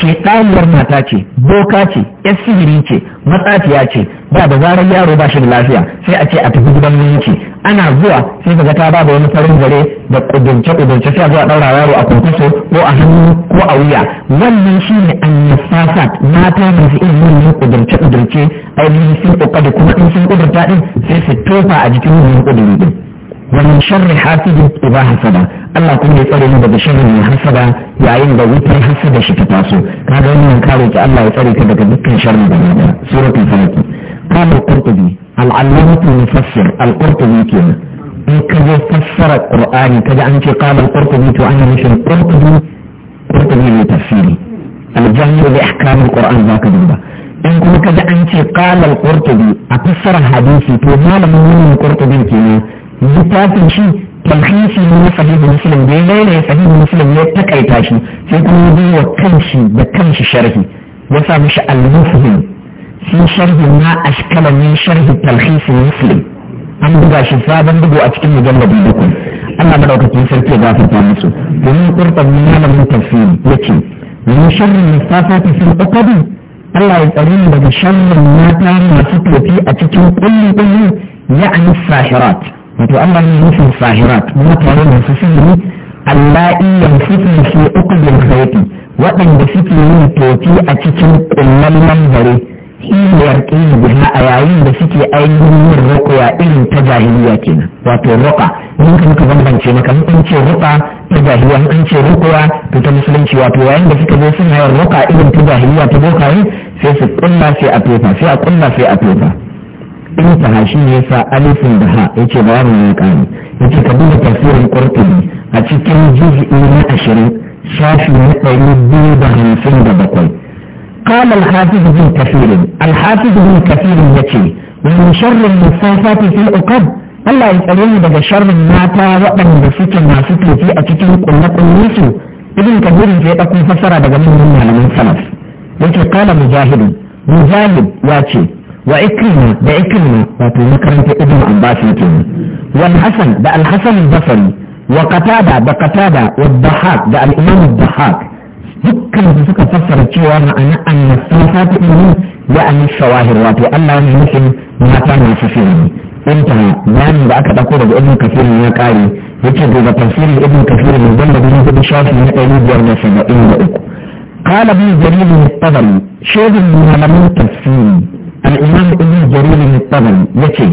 shekaruwar mata ce boka ce yar sihiri ce matsafiya ce ba da zarar yaro ba shi da lafiya sai a ce a tafi gidan ce ana zuwa sai ka ga ta ba da wani farin zare da kudurce kudurce sai zuwa daura yaro a kurkusu ko a hannu ko a wuya wannan shi ne an nufasa mata masu irin wannan kudurce kudurce ainihin sun kokari kuma in sun kudurta din sai su tofa a jikin wannan kuduri din wannan sharri hasidin iba hasada Allah kuma ya tsare ni daga sharrin mai hasada yayin da wutar hasada shi ta taso kaga wannan kare ki Allah ya tsare ka daga dukkan sharri da mata suratul falaq قال القرطبي العلامة المفسر القرطبي كنا إن كذا فسر القرآن كذا أنت قال القرطبي تعني مش القرطبي قرطبي لتفسيري الجامع لأحكام القرآن ذاك دبا in kuma kaji an ce kalal qurtubi a fassara hadisi to malamin wannan qurtubin kenan littafin shi talhisi ne na sahih muslim da ya ne sahih muslim ya takaita shi sai kuma yi kanshi da kanshi sharhi ya sa mishi al-mufhim في شرح ما أشكل من شرح تلخيص المسلم أن بقى شفابا بقوا أتكلم مجلد بكم أنا بدأت تنسل كي غافر تامسو ومن قرطة من من تفسير يتي من شر المصافات في الأقد الله يتعلم بقى شر ما كان مسكل في أتكلم كل كل يعني الساحرات wato Allah ne nufin sahirat mutane masu sihiri alla'i yanfufin fi uqdil khayti waɗanda suke yin toki a cikin kullallan bare cibiyar ƙini guda a yayin da suke ainihin yin rukuya irin ta jahiliya kenan wato ruka mun kan ka bambance maka mun kan ce ruka ta jahiliya mun an ce rukuya to ta musulunci wato yayin da suka zo suna yin ruka irin ta jahiliya ta bokaye sai su kunna sai a tofa sai a kunna sai a tofa in ta hashi ne sa alifin da ha yace ba mu ne kani yace ka duba tafsirin qurtubi a cikin juz'i na ashirin shafi na ɗari biyu da hamsin da bakwai قال الحافظ بن كثير الحافظ بن كثير يتي ومن sharrin المصافات في العقد Allah ya tsare ni daga sharrin mata waɗanda suke masu tofi a cikin kulle-kulle su ibn kabir ya ɗauko fassara daga manyan malaman salaf yake kala mujahid mujahid ya ce wa ikrima da ikrima wato makarantar ibn abbas yake ne wal hasan da al hasan basri wa da qatada wa dhahak da al imam dhahak dukkan su suka fassara cewa ma'ana annasafa ta ilmi ya an shawahir wato Allah ne nufin mata masu fiye inta bayanin da aka dauko daga ibn kafir ya kare yace daga tafsirin ibn kafir ne wanda gurin kudi shafi na ɗari biyar da saba'in da uku قال ابن جرير الطبري شيخ من علماء التفسير الامام ابن جرير الطبري يتي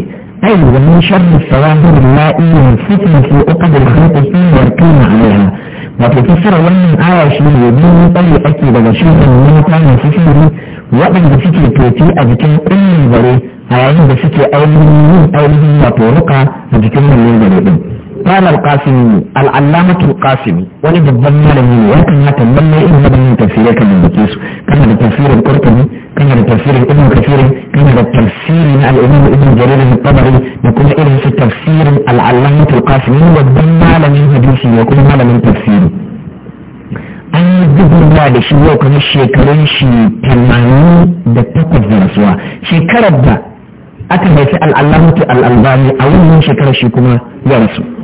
أي ومن شر الظواهر اللائي ينفتن في عقد الخلق فيه يركون عليها وتفسر wannan aya shi ne biyu tsaye ake daga shirin mata na sifiri waɗanda suke toki a jikin ƙullin gare a yayin da suke ainihin yin ainihin wato ruka a jikin wannan ɗin sultan kasimi qasimi al-allamatu al-qasimi wani babban malami ne ya kamata lallai in da yin tafsirai kan bincike su kana da tafsirin qurtubi kana da tafsirin ibn kathir kana da tafsirin al da kuma irin su tafsirin babban malamin hadisi ne kuma malamin tafsiri an yi gudunwa da shi yau kamar shekarun shi tamanin da takwas da rasuwa shekarar da aka haifi al'allamatu al'albani a wannan shekarar shi kuma ya rasu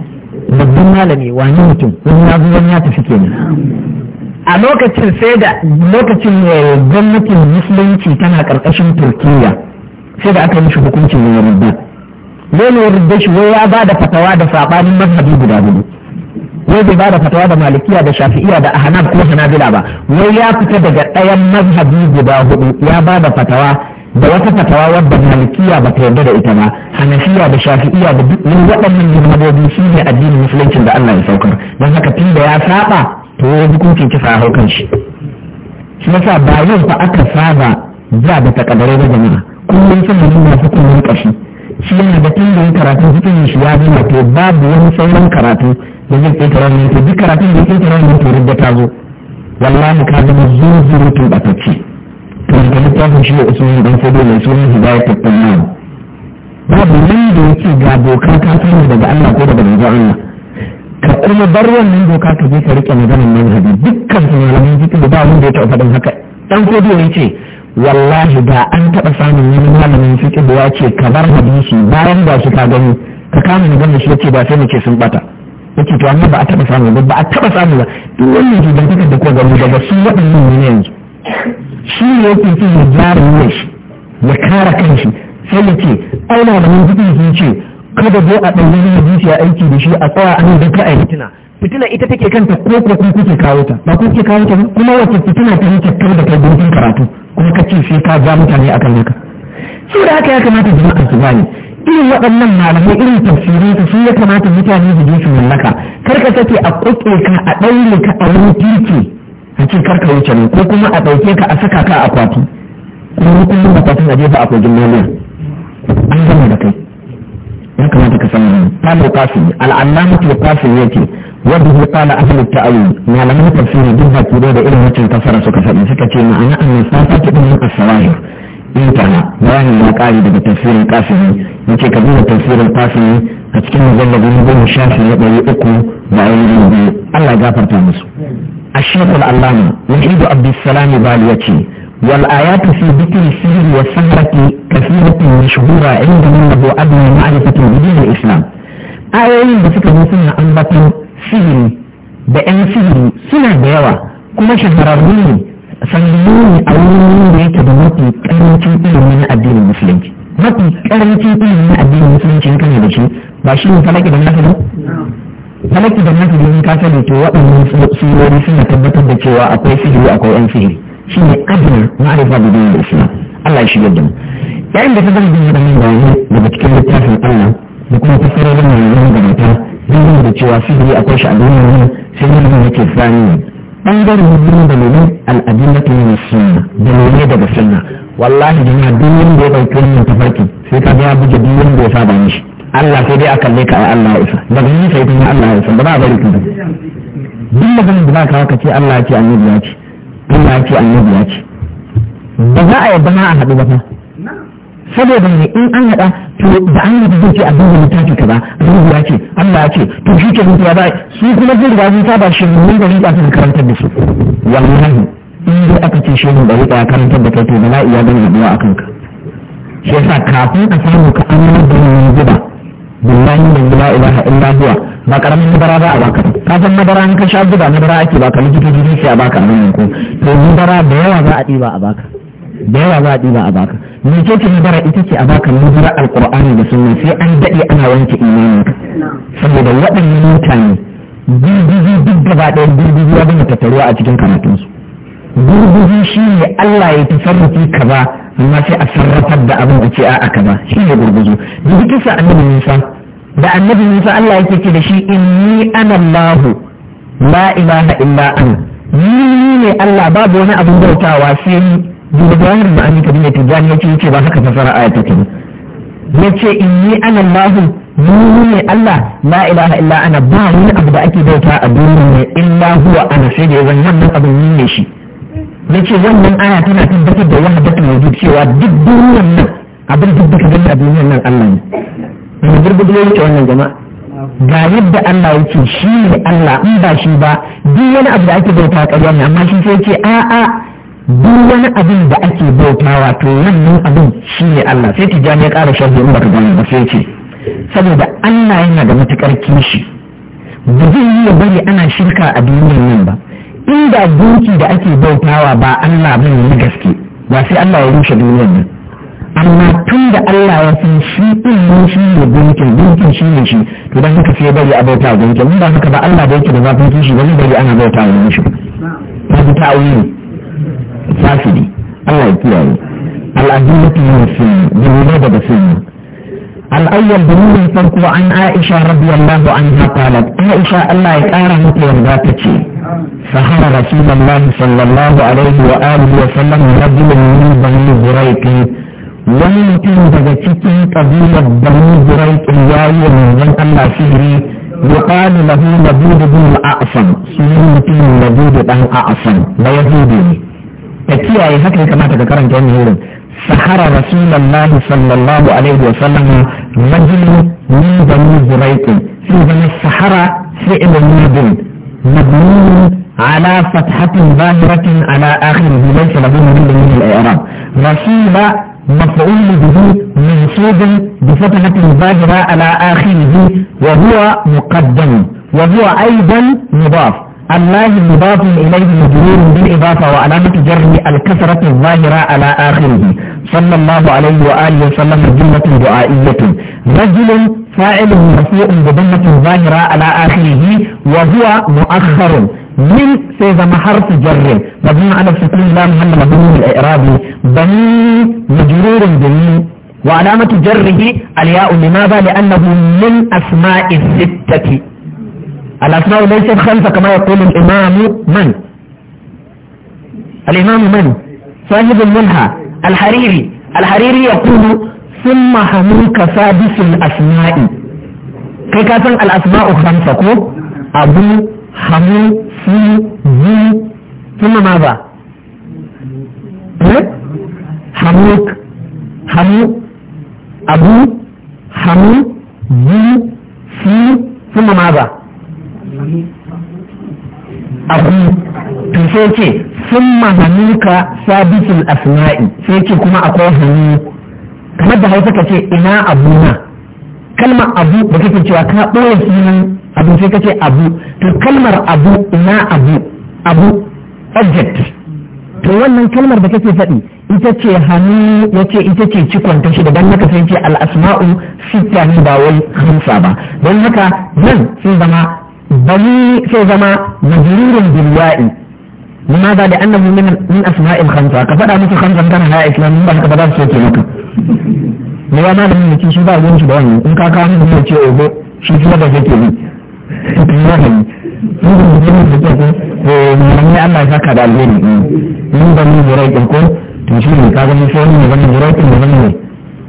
babban malami wani mutum wani ya zo wani ya tafi kenan a lokacin sai da lokacin gwamnatin musulunci tana karkashin turkiya sai da aka mishi hukuncin yarda zai ne yarda shi wai ya ba da fatawa da sabanin mazhabi guda biyu wai bai ba da fatawa da malikiya da shafi'iya da ahnab ko hanabila ba wai ya fita daga ɗayan mazhabi guda hudu ya ba da fatawa da wata fatawa wadda malikiya ba ta yarda da ita ba hanafiya da shafi'iya da duk waɗannan mazhabobi shi ne addinin musuluncin da Allah ya saukar don haka tun da ya saba to ya hukuncin kisa a haukan shi shi yasa ba yau fa aka saba za da takadarai da jama'a kullum suna nuna kullum ƙashi shi yana da tun da yin karatu hukumin shi ya zama to babu wani sauran karatu da zai ƙetare ne to duk karatun da ya ƙetare ne to rubda ta zo wallahi ka zama zuzurutun ɓatacce wanda littafin shi da usman dan fodo mai sunan hidayatul umman babu nan da yake ga dokar ka samu daga Allah ko daga manzo Allah ka kuma bar wannan doka ka je ka rike maganar manhaji dukkan malaman jikin da ba wanda ya taɓa faɗin haka dan fodo ya ce wallahi da an taɓa samun wani malamin fiqh ya ce ka bar hadisi bayan da su ka gani ka kama maganar shi yace ba sai mu ce sun bata yake to amma ba a taɓa samu ba a taɓa samu ba duk wannan jidan da kuka gani daga su waɗannan ne yanzu shi ne yake ce ya gyara ne shi ya kare kanshi sai ya ce aina da mun fitin sun ce kada zo a ɗan wani zuciya aiki da shi a tsawa a nan don ka a fitina fitina ita take kanta ko ko kun kuke kawo ta ba kuke kawo ta kuma wace fitina ta yake kar da kai gurbin karatu kuma ka ce sai ka ja mutane a kan haka su da haka ya kamata jama'a su gane irin waɗannan malamai irin tafsirin su ya kamata mutane su je su mallaka kar ka sake a ƙoƙe ka a ɗaure ka a wani kirki a ce karka wuce ne ko kuma a ɗauke ka a saka ka a akwati kuma kullum akwatin a jefa a kogin maliya an gama da kai ya kamata ka san wannan kalu qasimi al-allamatu ne yake wadda ya kala ahli ta'awil malaman tafsiri duk baki da irin wancan fasara suka faɗi suka ce ma'ana an safa kidin min as-salahir intana bayanin ya kare daga tafsirin qasimi yace ka duba tafsirin qasimi a cikin mazallabin goma sha na ɗari uku da ainihin biyu Allah ya gafarta musu الشيخ العلامة وحيد عبد السلام باليتي والآيات في ذكر السر والسهرة كثيرة مشهورة عندنا وهو أدنى معرفة دين الإسلام آيين بفكرة مثلنا أنبة سهر بأن سهر سنة بيوة كما شهررون sanannu a wurin da yake da mafi karancin ilimi na addinin musulunci mafi karancin ilimi na addinin musulunci in kana da shi ba shi ne falaki da nasu falaki da nasu domin ka sani to waɗannan sirori suna tabbatar da cewa akwai sihiri akwai yan sihiri shi ne adana ma'arifa da dinin islam Allah ya shiga da mu yayin da ta zama bin waɗannan bayanai daga cikin littafin Allah da kuma ta malamai da mata nan da cewa sihiri akwai shi a duniya nan sai wani mai yake sani ne ɓangaren yin dalilin al'adillatu ne sunna dalilai daga sunna wallahi jama'a duk wanda ya ɗauki wannan tafarki sai ka ga ya buge duk da ya saba mishi Allah sai dai a kalle ka Allah ya isa daga nan sai kuma Allah ya isa ba za a bari ka ba duk maganar da ba ka haka ce Allah ya ce annabi ya ce Allah ya ce annabi ya ce ba za a yarda ma a haɗu ba fa saboda ne in an haɗa to da an yi zai ce abin da littafi kaza annabi ya ce Allah ya ce to shi ke mutuwa ba su kuma zai da sun saba shi mun da riga sun karantar da su wallahi in dai aka ce shi mun da riga ya karantar da kai to bala'i ya gani haɗuwa a kanka shi yasa kafin ka samu ka da yi da zuba billahi min la ilaha illa huwa ba karamin madara ba a baka ka san madara an ka sha zuba madara ake baka likitoci sai a baka nan ko to madara da yawa za a diba a baka da yawa za a diba a baka me ke ce madara ita ce a baka madara alqur'ani da sunna sai an dade ana wanke imanin saboda waɗannan mutane gurguzu duk gaba ɗaya gurguzu ya gama tattaruwa a cikin karatunsu gurguzu shi ne Allah ya ka kaza amma sai a sarrafar da abin a ce a'a kaza shi ne gurguzu duk kisa annabi Musa da annabi Musa Allah yake ce da shi inni ana Allahu la ilaha illa ana ni ne Allah babu wani abin bautawa sai ni duba zahir ma'ani kabila tijani yace yace ba haka fasara aya take ba yace inni ana Allahu ni ne Allah la ilaha illa ana ba wani abu da ake bauta a duniya illa huwa ana sai da yanzu nan abin ni ne shi ce wannan aya tana tabbatar da wahdatul wujud cewa duk duniyar nan abin duk da kaga a duniyar nan Allah ne Wani gurgudu wuce wannan jama'a ga yadda Allah yake shi ne Allah in ba shi ba duk wani abu da ake bauta ƙarya ne amma shi sai ce a'a duk wani abin da ake bautawa to wannan abin shi ne Allah sai tijani ya ƙara shan in baka gane ba sai ce saboda Allah yana da matuƙar kishi ba zai yi ya bari ana shirka a duniyar nan ba inda duki da ake bautawa ba Allah bane yi gaske ba sai Allah ya rushe duniyar nan amma tun da Allah ya san shi ɗin shi ne dukin dukin shi ne shi to dan haka sai bari a bauta ga dukin ba haka ba Allah da yake da zafin kishi wani bari ana bauta wa gunkin ta ji ta'awili fasidi Allah ya kiyaye min yusin dalilai da basiri الأول دليل الفرق عن عائشة رضي Aisha Allah ya kara الله يقارن ta ce. sahara rasulullahi sallallahu alaihi wa alihi wa sallam rajulun min bani buraiki wani mutum daga cikin kabilar bani buraiki ya yi manzon allah sihiri ya kwani lahu labudu bin a'asan su yi mutum labudu dan a'asan na yahudu ne ta kiyaye haka ya kamata ka karanta wani hurin sahara rasulullahi sallallahu alaihi wa sallam rajulun min bani buraiki sun zama sahara sai ilimin مبنون على فتحة ظاهرة على آخره ليس له مدل من الإعراب رسيب مفعول به منصوب بفتحة ظاهرة على آخره وهو مقدم وهو أيضا مضاف الله مضاف إليه مجرور بالإضافة وعلامة جره الكثرة الظاهرة على آخره صلى الله عليه وآله وسلم جملة دعائية رجل فاعل مرفوع بضمة ظاهرة على آخره وهو مؤخر من سيزم حرف جر مبني على السكون لا محمد مجرور الإعراب بني مجرور بني وعلامة جره الياء لماذا لأنه من أسماء الستة الأسماء ليست خلف كما يقول الإمام من الإمام من صاحب المنهى الحريري الحريري يقول sun mahamu ka sabisin asma'i kai ka san al'asma'u hamsa ko abu hamu su yi sun ma ba eh? hamuk hamu abu hamu yi su sun ma ba abu to sai ce sun mahamu ka sabisin asma'i sai ce kuma akwai hamu kamar da hausa ka ce ina abuna kalmar abu da kake cewa ka ɓoye sunan abu sai ka abu to kalmar abu ina abu abu object to wannan kalmar da kake faɗi ita ce hannu ya ce ita ce cikon ta da dan haka sai ce al'asma'u sita ne ba wai hamsa ba don haka nan sai zama bani sai zama majirurin bilwa'i لماذا لأنه من من أسماء الخمسة كفدا مثل خمسة كان لا إسلام من بعد كبدا سوتي لك لو أنا لم يكن شباب يوم شباب إن كان كان من يجي أبو شو شكله بسيتي لي تكلمني من من من من من من من ya saka da من من من mun da ko to من ne من من mun من من من mun da ko mun da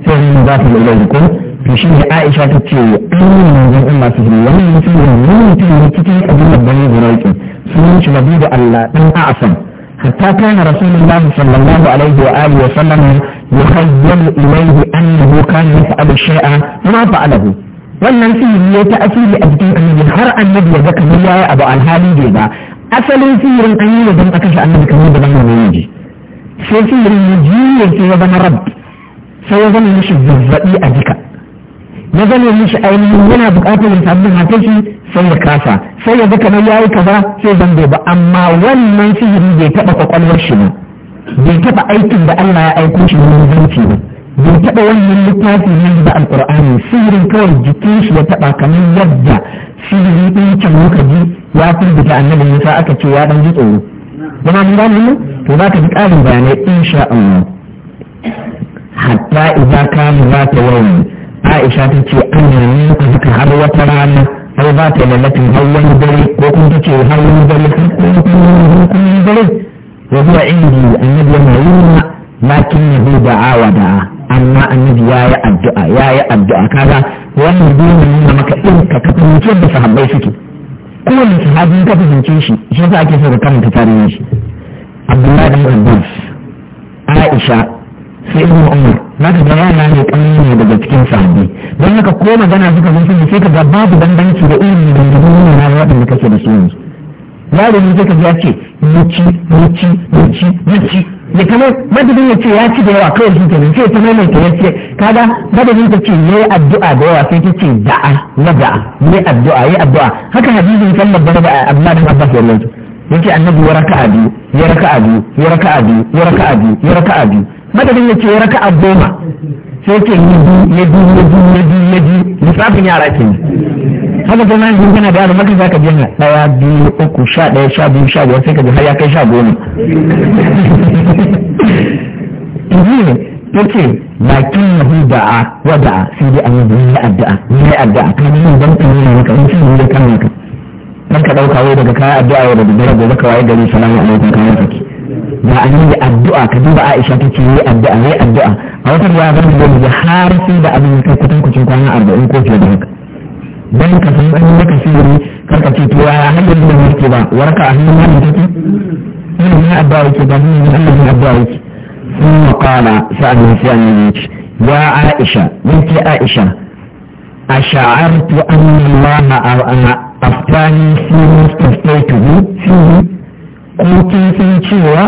sai mun da ta da ko to shi da aisha ta ce an yi manzon Allah masu zuru wannan mutum da wani mutum da cikin abin da bani sun yi shi nabi da Allah ɗan a'asan hatta kana rasulullahi sallallahu alaihi wa alihi wa sallam yukhayyalu ilayhi annahu kana abu shay'an ma fa'alahu wannan sihiri ya ta asiri a jikin annabi har annabi ya ga kamar yayi abu alhali bai ba asalin sihirin an yi ne don a kashe annabi kamar da ban wani yaji sai sihirin ya jiye sai ya zama rab sai ya zama mishi zazzabi a jika na gane mishi ainihi yana buƙatar ya samu hatar shi sai ya kasa sai ya ga kamar yayi kaza sai zan ba amma wannan sihiri bai taɓa kwakwalwar shi ba bai taɓa aikin da Allah ya aiko shi wani zanci ba bai taɓa wannan littafi nan da al'kur'ani sihirin kawai jikin shi ya taɓa kamar yadda sihiri ɗin can muka ji ya firgita annabi Musa aka ce ya dan ji tsoro. Zama mun gane mu? To za ka ji ƙarin bayanai insha Allah. Hatta idan kana za ta yawan aisha ta ce an nemi ku suka har wata rana har ba ta lalatin har wani dare ko kuma ta ce har wani dare har wani dare wa zuwa indi annabi yana yi lakin yahu da'a wa da'a amma annabi ya yi addu'a ya yi addu'a kaga wannan dole nuna maka in ka ka fahimci yadda sahabbai suke kowane sahabi ka fahimce shi shi yasa ake so ka karanta tarihin shi abdullahi bin abbas aisha sai ibn umar za ka ga yana ne kanni daga cikin sahabbai don haka ko magana suka zo sun sai ka ga babu bambanci da irin ne na waɗanda kake da su yanzu yaron sai ka ya ce muci muci muci muci ya kama madadin ya ce ya ci da yawa kawai shi kenan sai ta maimaita ya ce kaga madadin ta ce yayi addu'a da yawa sai ta ce da'a na da'a yayi addu'a yayi addu'a haka hadisin sallar bana da Abdullah bin Abbas wallahi yace annabi ya biyu ya raka'a biyu ya raka'a biyu ya raka'a biyu ya raka'a biyu madadin ya ce ya raka a goma sai ce yi biyu ya biyu ya biyu ya biyu ya biyu lissafin yara ke haka ta nan yana da yaro maka zaka biyan ɗaya biyu uku sha ɗaya sha biyu sha biyar sai ka ji har ya kai sha goma ne yace bakin yahuda a wada'a sai dai an yi biyu addu'a yi addu'a kan yi dan kan yi maka in sun yi kan maka dan ka dauka wai daga kayan addu'a wadda daga dare gobe ka waye gari salamu alaikum kan maka ba a da addu'a ka duba Aisha ta ce yi addu'a yi addu'a a wata ruwa zan da da har sai da abin kai kutan kucin kwana arba'in ko fiye da haka dan ka san an maka sirri kar ka ce to ya hanyar da yake ba warka a hannun malam take ina ne addu'a yake ba ni ne Allah ne addu'a yake ثم قال سأل سأل يا عائشة بنت عائشة أشعرت أن الله أفتاني فيما استفتيته فيه ko kin san cewa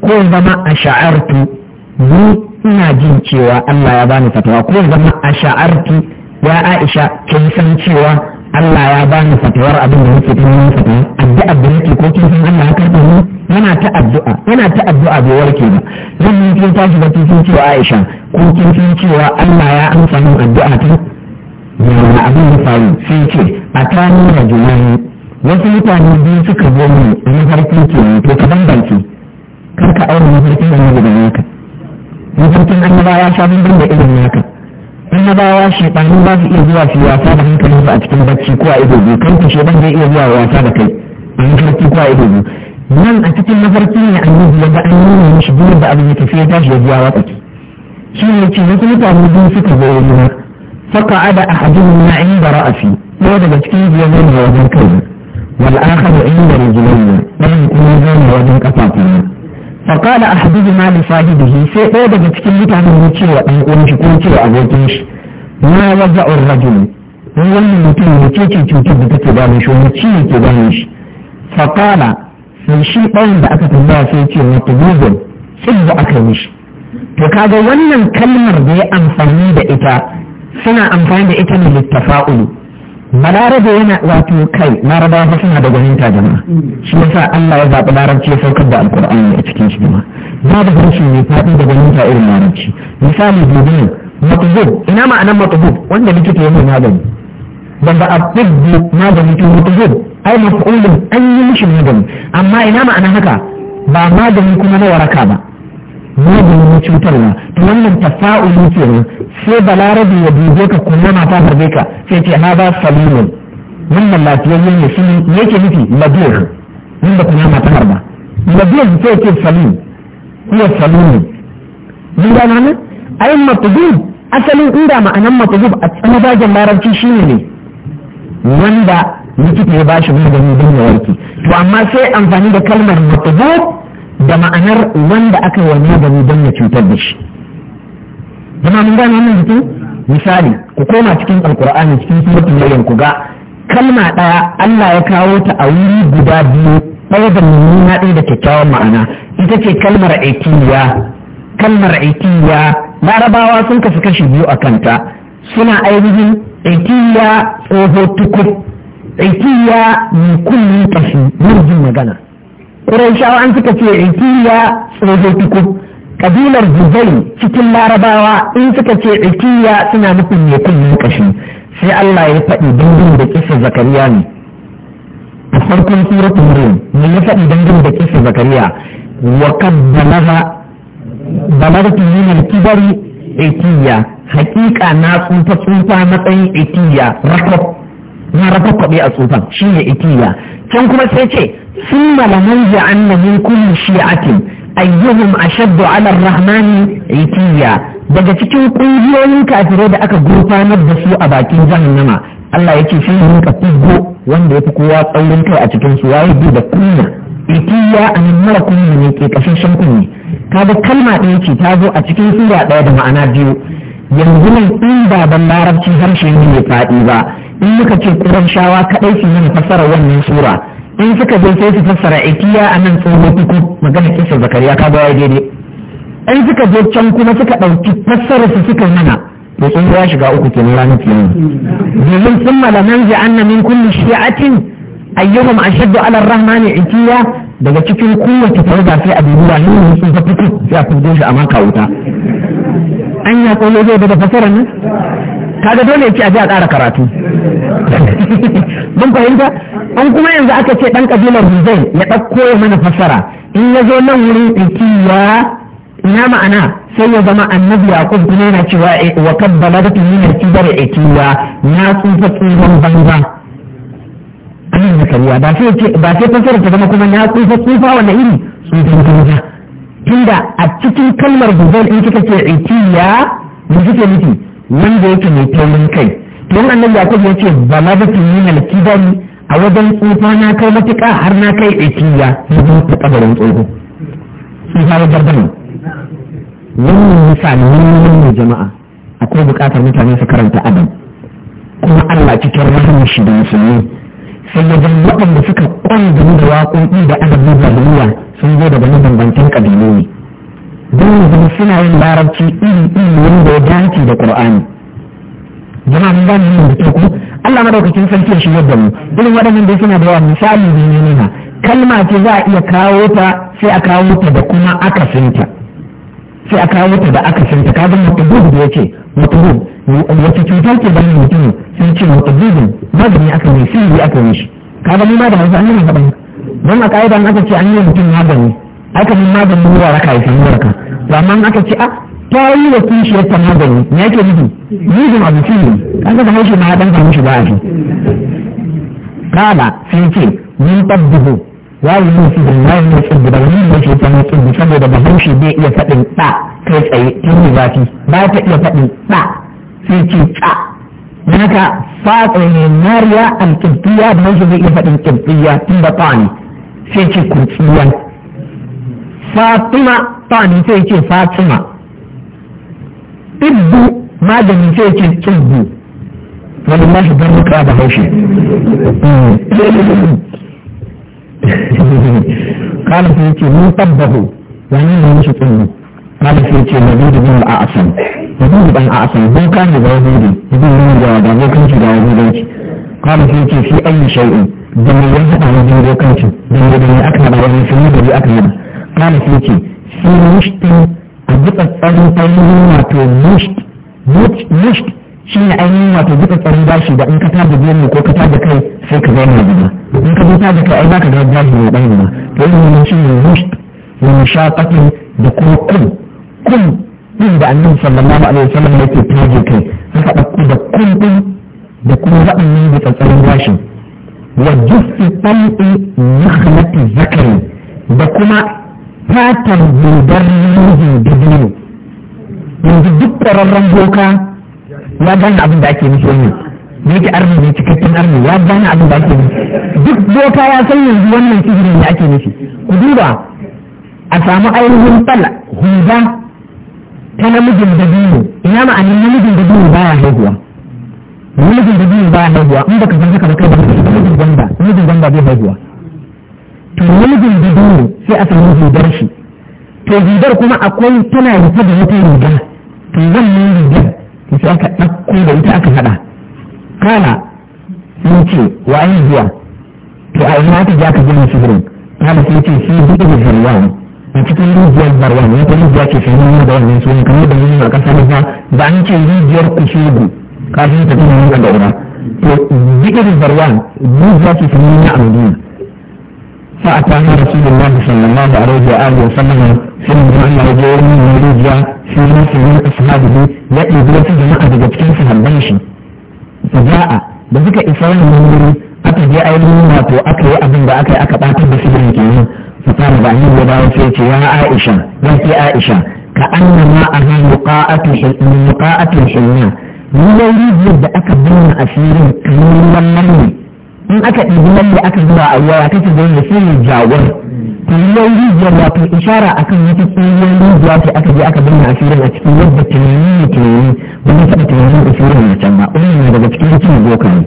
ko zama a sha'artu ni ina jin cewa Allah ya bani fatawa ko zama a sha'artu ya Aisha kin san cewa Allah ya bani fatawar abin da nake ta nuna fatawa addu'a da nake ko kin san Allah ya karɓa ni yana ta addu'a yana ta addu'a bai warke ba zan yi kin tashi ba kin san cewa Aisha ko kin san cewa Allah ya amsa min addu'a ta ya abin da faru sai ce a tani rajulani wasu mutane biyu suka zo ne a mafarkin ke kenan to ka bambance kar ka auna mafarkin annabi da naka mafarkin annabawa sha bambam da irin naka annabawa shekaru ba su iya zuwa su wasa da hankalinsu a cikin bacci ko a ido biyu kan ta shedan zai iya zuwa wasa da kai a mafarki ko a ido biyu nan a cikin mafarki ne annabi ya ga an nuna mishi duk da abin ya tafi ya tashi ya zuwa wata shi ne ce wasu mutane biyu suka zo yi ma faka ada a hajjin na inda ra'afi ɗaya daga cikin biyar ne wajen kai والآخر عند رجلي بين كل وجن كفافنا فقال أحدهما لصاحبه سيئد بتكلمت عن المتشوى ومشكوتي أبوتيش ما وجع الرجل wannan mutum mutece cutar da take damun shi wani ciwo ke damun shi faƙala sai shi ɗayan da aka tambaya sai ce mata google tsibba aka shi to kaga wannan kalmar da ya amfani da ita suna amfani da ita ne littafa'ulu balarabe yana wato kai larabawa suna da gwaninta jama'a shi yasa Allah ya zaɓi larabci ya saukar da alƙur'ani a cikin shi jama'a. ba da harshe mai faɗi da gwaninta irin larabci misali bibin matubu ina ma'anar matubu wanda likita ya mai magani dan ba a tubbu magani to matubu ai maf'ulun an yi mishi magani amma ina ma'anar haka ba magani kuma na waraka ba maganin cutarwa to wannan tafa'uli kenan sai balarabe ya dube ka kuma mata harbe ka sai ce ha ba salimun wannan lafiyayyen ne shi yake nufi labir wanda kuma mata harba labir sai ce salim kuma salimun mun gana nan ai matubub asalin inda ma'anan matubub a tsanadajen larabci shi ne ne. wanda likita ya bashi magani don ya warke to amma sai amfani da kalmar matubub da ma'anar wanda aka wani ni don ya cutar da shi zama mun gane wannan jikin misali ku koma cikin alkur'ani cikin sunatun maryam ku ga kalma ɗaya Allah ya kawo ta a wuri guda biyu ɗaya da nuna ɗaya da kyakkyawan ma'ana ita ce kalmar aikiya kalmar aikiya larabawa sun kasu kashi biyu a kanta suna ainihin aikiya tsoho tukur aikiya mai kullum tafi murjin magana ƙuraishawan suka ce ikiya tsoho tuku ƙabilar zubai cikin larabawa in suka ce ikiya suna nufin mai kunnen kashi sai Allah ya faɗi dangin da kisa zakariya ne a farkon suratun rum mun ya faɗi dangin da kisa zakariya wa kad balagha balagtu min kibari ikiya hakika na tsufa tsufa matsayin ikiya rakab Na rafa kwaɓe a tsufan shi ne itiya can kuma sai ce sun malaman ja'an na min kulli shi'atin ayyuhum ashaddu ala rahmani itiya daga cikin ƙungiyoyin kafirai da aka gurfanar da su a bakin jahannama Allah ya ce shi ne ka wanda ya fi kowa tsaurin kai a cikin su waye bi da kunya itiya a nan mara kunya ne ke kashin shan kunyi kaga kalma ɗaya ce ta zo a cikin sura ɗaya da ma'ana biyu yanzu nan in ba larabci harshe ne mai faɗi ba in muka ce shawa kaɗai su yin fasara wannan sura in suka je sai su fassara ikiya a nan tsoho uku magana kisa zakariya ka ya daidai in suka je can kuma suka ɗauki fassara su suka mana to sun ya shiga uku kenan ranar kenan domin sun malaman ji anna min kulli shi'atin ayyuhum ashaddu ala rahmani ikiya daga cikin kowace farga sai a dubi wani ne sun fa fito sai a fito shi a maka wuta an ya kwallo zai daga fasarar nan kaga dole yake a ji a ƙara karatu mun fahimta an kuma yanzu aka ce ɗan ƙabilar zai ya ɗauko mana fasara in ya zo nan wurin ikiya na ma'ana sai ya zama annabi yaqub kuma yana cewa eh, wa kad balagatu min al-kibar ikiya na tsufa tsufan banza an yi zakariya ba sai ba sai fasara ta zama kuma na tsufa tsufa na iri tsufan banza tunda a cikin kalmar guzal in kika ce itiya mu kike nufi wanda yake mai taurin kai to annabi yakubu ya ce yi min al-kibari a wajen tsufa na kai matuƙa har na kai itiya na zo ta kabarin tsoho sun fara gardama wannan misali ne jama'a akwai buƙatar mutane su karanta adam kuma Allah cikin rahamin shi da musulmi sai ya waɗanda suka kwan da waƙoƙi da adabin zaluwa sun zo daga mabambantan kabilu ne don zama suna yin larabci iri iri wani da ya dace da qur'ani jama'a mun gane mun da ku Allah madaukakin sarki shi yadda mu irin waɗannan dai suna da yawa misali ne ne nuna kalma ce za a iya kawo ta sai a kawo ta da kuma akasinta sai a kawo ta da akasinta kaga mutabud da yace mutabud wacce cutar ke bani mutum sun ce da ni aka yi mai yi aka mishi kaga mu ma da hausa an yi faɗa don a ka'ida aka ce an yi mutum magani aka yi magani ruwa raka ya samu raka to amma aka ce a ah, ta yi wa kishi ya samu magani me yake nufi nufin abu shi ne an saka haushi ma ɗan dan samu shi ba a shi kala sai ce mun tabbuhu ya yi nufi da ya yi nufi da ya yi nufi da ya yi saboda ba haushi bai iya faɗin ɗa kai tsaye tun yi zafi ba ta iya faɗin ɗa sai ce ɗa haka fatsa ne mariya al da da haushi bai iya faɗin kibtiya tun da ta ne sai ce kurtsuwan fatima fani sai ce fatima ibbu magani sai ce tsubbu wani ma shi gani kawai da haushi? kala sai ce mun tabbahu wani ne shi tsubbu kala sai ce na biyu da a asan na biyu da a asan don kan da zai zai da biyu da wani da wani kan da wani zai ce kala sai ce shi an yi shau'in da mai yan haɗa wajen bokanci da mai da mai aka haɗa wajen sun da bai aka haɗa kana sai ce shi mushtin a duka tsarin ainihin wato musht shi ne ainihin wato duka tsarin bashi da in ka tada biyan ko ka tada kai sai ka zai mai gida in ka tada kai ai za ka ga bashi mai ɗan gida to yin wani shi ne musht da mashaƙatin da kuma kun kun din da annabi sallallahu alaihi wasallam yake taje kai haka ɗauko da kun din da kuma waɗannan da tsatsarin bashin wa juffi ɗan'i mahnati zakari da kuma fatan dodon ruhin dabino yanzu duk ƙwararren boka ya gane abin da ake nufi ne ne ke arni ne cikakken arni ya gane abin da ake nufi duk boka ya san yanzu wannan sihirin da ake nufi ku duba a samu ainihin tsala huza ta namijin dabino ina ma'anin namijin dabino baya haihuwa mijin da biyu ba a haihuwa in baka san haka ba kai ba mijin gwamba mijin gwamba bai haihuwa to mijin da biyu sai a samu zidar shi to zidar kuma akwai tana rufe da wata riga to wannan rigar to sai aka ɗauko da ita aka haɗa kana sun ce wa ai zuwa to a ina ta ja ka gina sihirin kana sun ce shi hudu da zaryawa a cikin rijiyar barwa ne ta rijiya ce shi ne da wannan sunan kamar da yin a ƙasar ba ba an ce rijiyar kushugu kafin ta tana da daura to zikir zarwan duba ki sun yi na madina fa atana rasulullahi sallallahu alaihi wa alihi wa sallam sai da ga Allah Sun yi mun rijiya sai mun sai mun ashabi ya ibi wata jama'a daga cikin sahabban shi za'a da suka isa wannan wuri aka je ainihin wato aka yi abin da aka yi aka batar da su da kenan فقال بعدين يباوي فيك يا عائشة يا عائشة كأنما أنا لقاءة لقاءة الحلمة ruwan rijiyar da aka binne a filin ruwan ne in aka ɗibi lalle aka zuba a ruwa ta gani da shi ne jawar to ruwan rijiyar wato ishara akan wata tsohon rijiya ce aka je aka binne a filin a cikin yadda tunani ne tunani ba ne taɓa tunani a filin na can ba wannan daga cikin cikin boka ne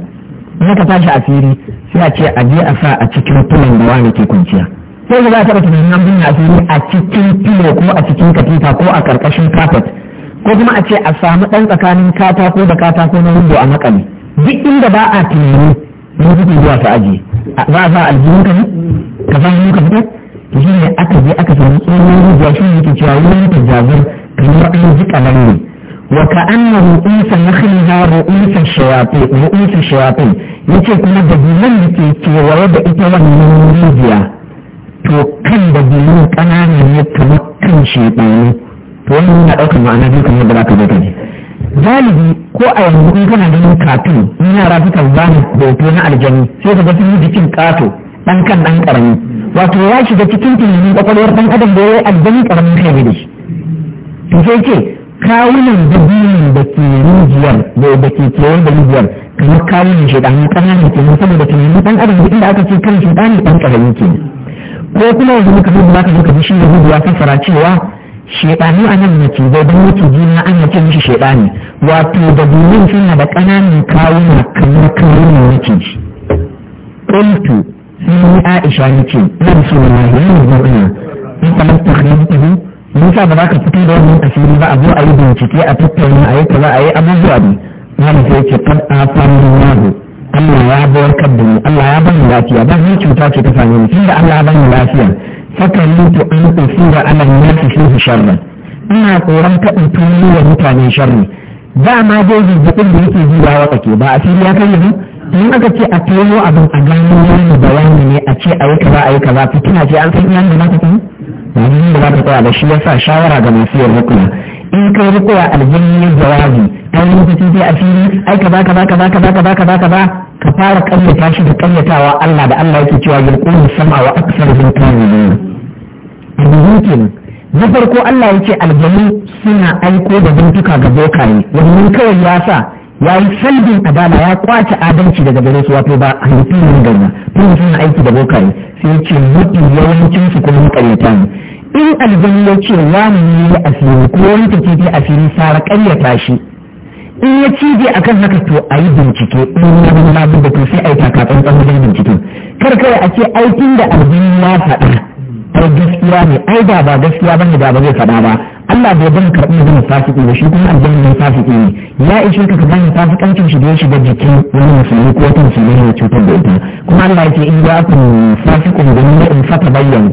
in aka tashi a fili sai a ce a je a sa a cikin tunan da wani ke kwanciya sai ba za a taɓa tunanin an binne a fili a cikin filo ko a cikin katifa ko a ƙarƙashin kafet ko kuma a ce a samu ɗan tsakanin katako da katako na windo a makale duk inda ba a tunani mun zubi zuwa ta aji za a sa aljihun ka ne ka sa hannun ka fita to shi ne aka je aka samu tsohon rijiya shi ne ke cewa wani ta jazar kamar an ji kalan ne wa ka anna ru'usa nakhliha ru'usa ru'unsa ru'usa ya ce kuma da bilan da ke kewaye da ita wannan rijiya to kan da bilan ƙananan ne kamar kan shekaru to wani yana ɗaukar ma'ana biyu kamar da za ka zo ka ne galibi ko a yanzu in kana ganin katun in yara suka zama hoto na aljani sai ka ga sun yi jikin kato dan kan dan karami wato ya shiga cikin tunanin ƙwaƙwalwar ɗan adam da ya yi aljani karamin kai ne da shi to sai ce kawunan dabbinin da ke rijiyar da ke kewar da rijiyar kamar kawunan shaidanu ƙanana ke nan saboda tunanin ɗan adam duk inda aka ce kan shaidanu dan ƙarami ke ko kuma yanzu muka zo za ka zo ka ji shi da ya fassara cewa shaidanu a nan macizai don maciji na ana ce mishi shaidani wato da domin suna da ƙananan kawuna kamar kawuna maciji ƙultu yi aisha na ce nan su na yana zauna in kamar takhribtuhu sa ba za ka fito da wannan asiri ba a zo a yi bincike a tattauna a yi za a yi abubuwa ne da sai ce kan afanin yahu Allah ya bayar da Allah ya bani lafiya ba ni cuta ce ta same tun da Allah ya bani lafiya fakallitu an usura ala fi fihi sharran ina tsoron kaɗin tuni wa mutane sharri ba ma dai zazzabin da yake zuwa waka ke ba a fili ya kai yanzu in aka ce a tono abin a gano wani bayani ne a ce a yi kaza a yi kaza fitina ce an san na da mata kuma ba ta tsaya da shi yasa shawara ga masu yin rukuna in kai rukuna aljinni jawabi ta yi mutu sai a fili ai kaza kaza kaza kaza kaza kaza kaza ka fara ƙayyata shi da kayyatawa Allah da Allah yake cewa yulqul sama wa aktsaruhum kadhibun al kenan na farko Allah yake aljanu suna aiko da bintuka ga bokaye wannan kawai ya sa ya yi salbin adala ya kwace adalci daga gare su wato ba a halittu ne gaba tun suna aiki da bokaye sai ya ce mutu yawancin su kuma karyata ne in aljanu ya ce wani ne asiri ko wani tafi asiri sara karyata shi in ya cije a kan haka to a yi bincike in ya zama na da to sai a yi takatsan tsan wajen bincike. kar kawai a ce aikin da aljini ya faɗa ai gaskiya ne ai da ba gaskiya ba ne da ba zai faɗa ba Allah bai ban karɓi zama fasiki ba shi kuma aljini ne fasiki ne ya ishe ka ka gane fasikancin shi da ya shiga jikin wani musulmi ko wata musulmi ne cutar da ita kuma Allah ya ce in ya ku fasikun da ne in fata bayyana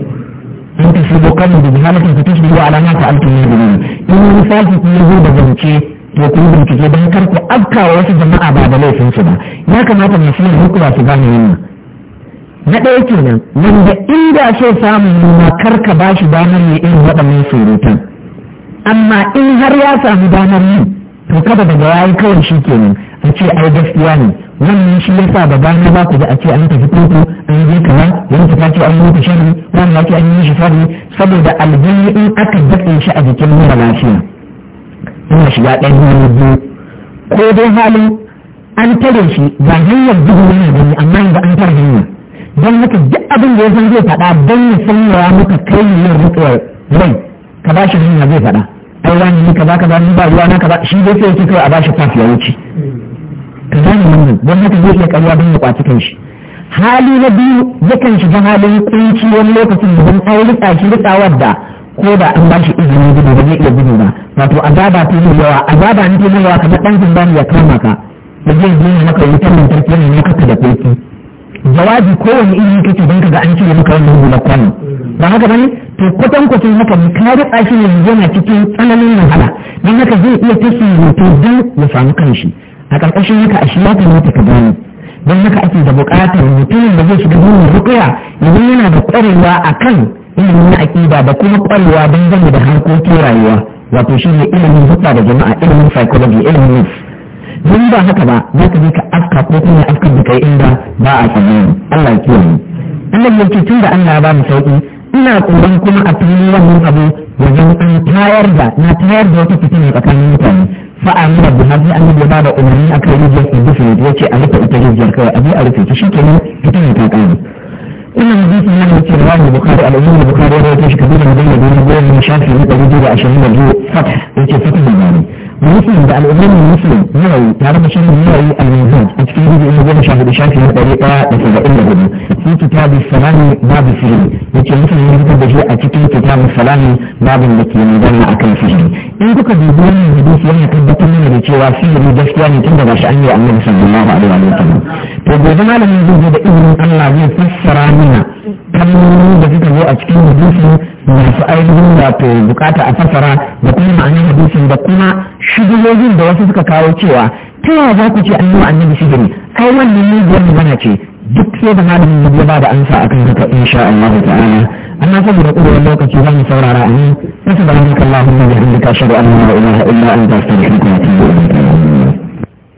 in ta shigo kan da jihalatin ka tashbihu alama ma ta'altu ne da ne in fasiki ya zo da zance to ku bincike don kar ku wa wasu jama'a ba da laifin su ba ya kamata masu yin hukuma su gane wannan na ɗaya kenan wanda inda so samun nuna kar ka ba shi damar yi irin waɗannan surutan amma in har ya samu damar yi to kada daga yayi kawai shi kenan a ce ai gaskiya ne wannan shi yasa da dama ba ku da a ce an tafi koko an je kaza wani ta an mutu shari wani ya ce an yi shi fari saboda aljini in aka daɗe shi a jikin mara lafiya yana shiga ɗan hali biyu ko dai halin an tare shi ba hanyar gudu yana gani amma yanzu an tare hanya don haka duk abin da ya san zai faɗa don ya sanyawa muka kai yin rukuwar rai ka ba shi hanya zai faɗa ai wani ne ka ba ka ba ni ba ruwa na ka ba shi zai sai kawai a ba shi kwafi ya wuce ka gane wannan don haka zai iya karuwa don ya kwaci kan shi hali na biyu yakan shiga halin kunci wani lokacin da don an rika shi rika wadda ko da an ba shi izini gudu ba zai iya gudu ba wato azaba ta yi yawa azaba ne ta yi yawa kamar ɗan zindani ya kama ka da zai zo maka wutar lantarki yana maka da koki jawabi kowane iri kake don ga an cire maka wannan hular kwano ba haka bane to kwatan kwatan haka ne ka riƙa shi ne yana cikin tsananin wahala don haka zai iya ta surutu don ya samu kanshi a ƙarƙashin haka a shi ya kamata ka gane don haka ake da buƙatar mutumin da zai shiga wannan rukuya idan yana da ƙwarewa a kan ilimin aƙida da kuma ƙwarewa dangane da harkokin rayuwa wato shi ne ilimin hudda da jama'a ilimin psychology ilimin nuf don ba haka ba za ka je ka afka ko kuma afka da kai inda ba a tsammani Allah ya kiyaye Allah ya tun da Allah ba mu sauki ina tsoron kuma a fili wannan abu wajen an tayar da na tayar da wata fitina tsakanin mutane fa'amina da hajji an yi ba da umarni a kan rijiyar da ya ce a rufe ita rijiyar kawai a je a rufe ta shi kenan fitina ta ƙare إلا مزيد من التي رواه البخاري الأمين البخاري وهو تشكبير مدينة بين الدول من شافعي عشرين الجوء فتح التي فتح المعنى مسلم بقى الإمام المسلم نووي تعرف شيخ النووي المنهاج التكفير بأنه بين شهر بشكل بطريقة متدائلة جدا في كتاب السلام باب السجن يمكن مثل ما يمكن أن أتكي كتاب السلام باب التي يمدن أكل السجن إن كنت بيقول الحديث يعني قد بتمنى بتشوى فيه بجفت يعني تنبغى بشأن أمير صلى الله عليه وسلم فبيضنا لم يجد إذن الله يفسر منها kalmomi da suka zo a cikin hadisin masu ainihin wato bukata a fassara da kuma ma'anar hadisin da kuma shigilogin da wasu suka kawo cewa ta yaya za ku ce an yi wa annabi shigiri ai wannan muguwar mana ce duk sai da malamin ya ba da ansa akan haka insha Allah ta'ala amma saboda ƙudurin lokaci za mu saurara a nan nasu da wani kallahun da ya hannu an la ilaha illa an ta stafi kuma tun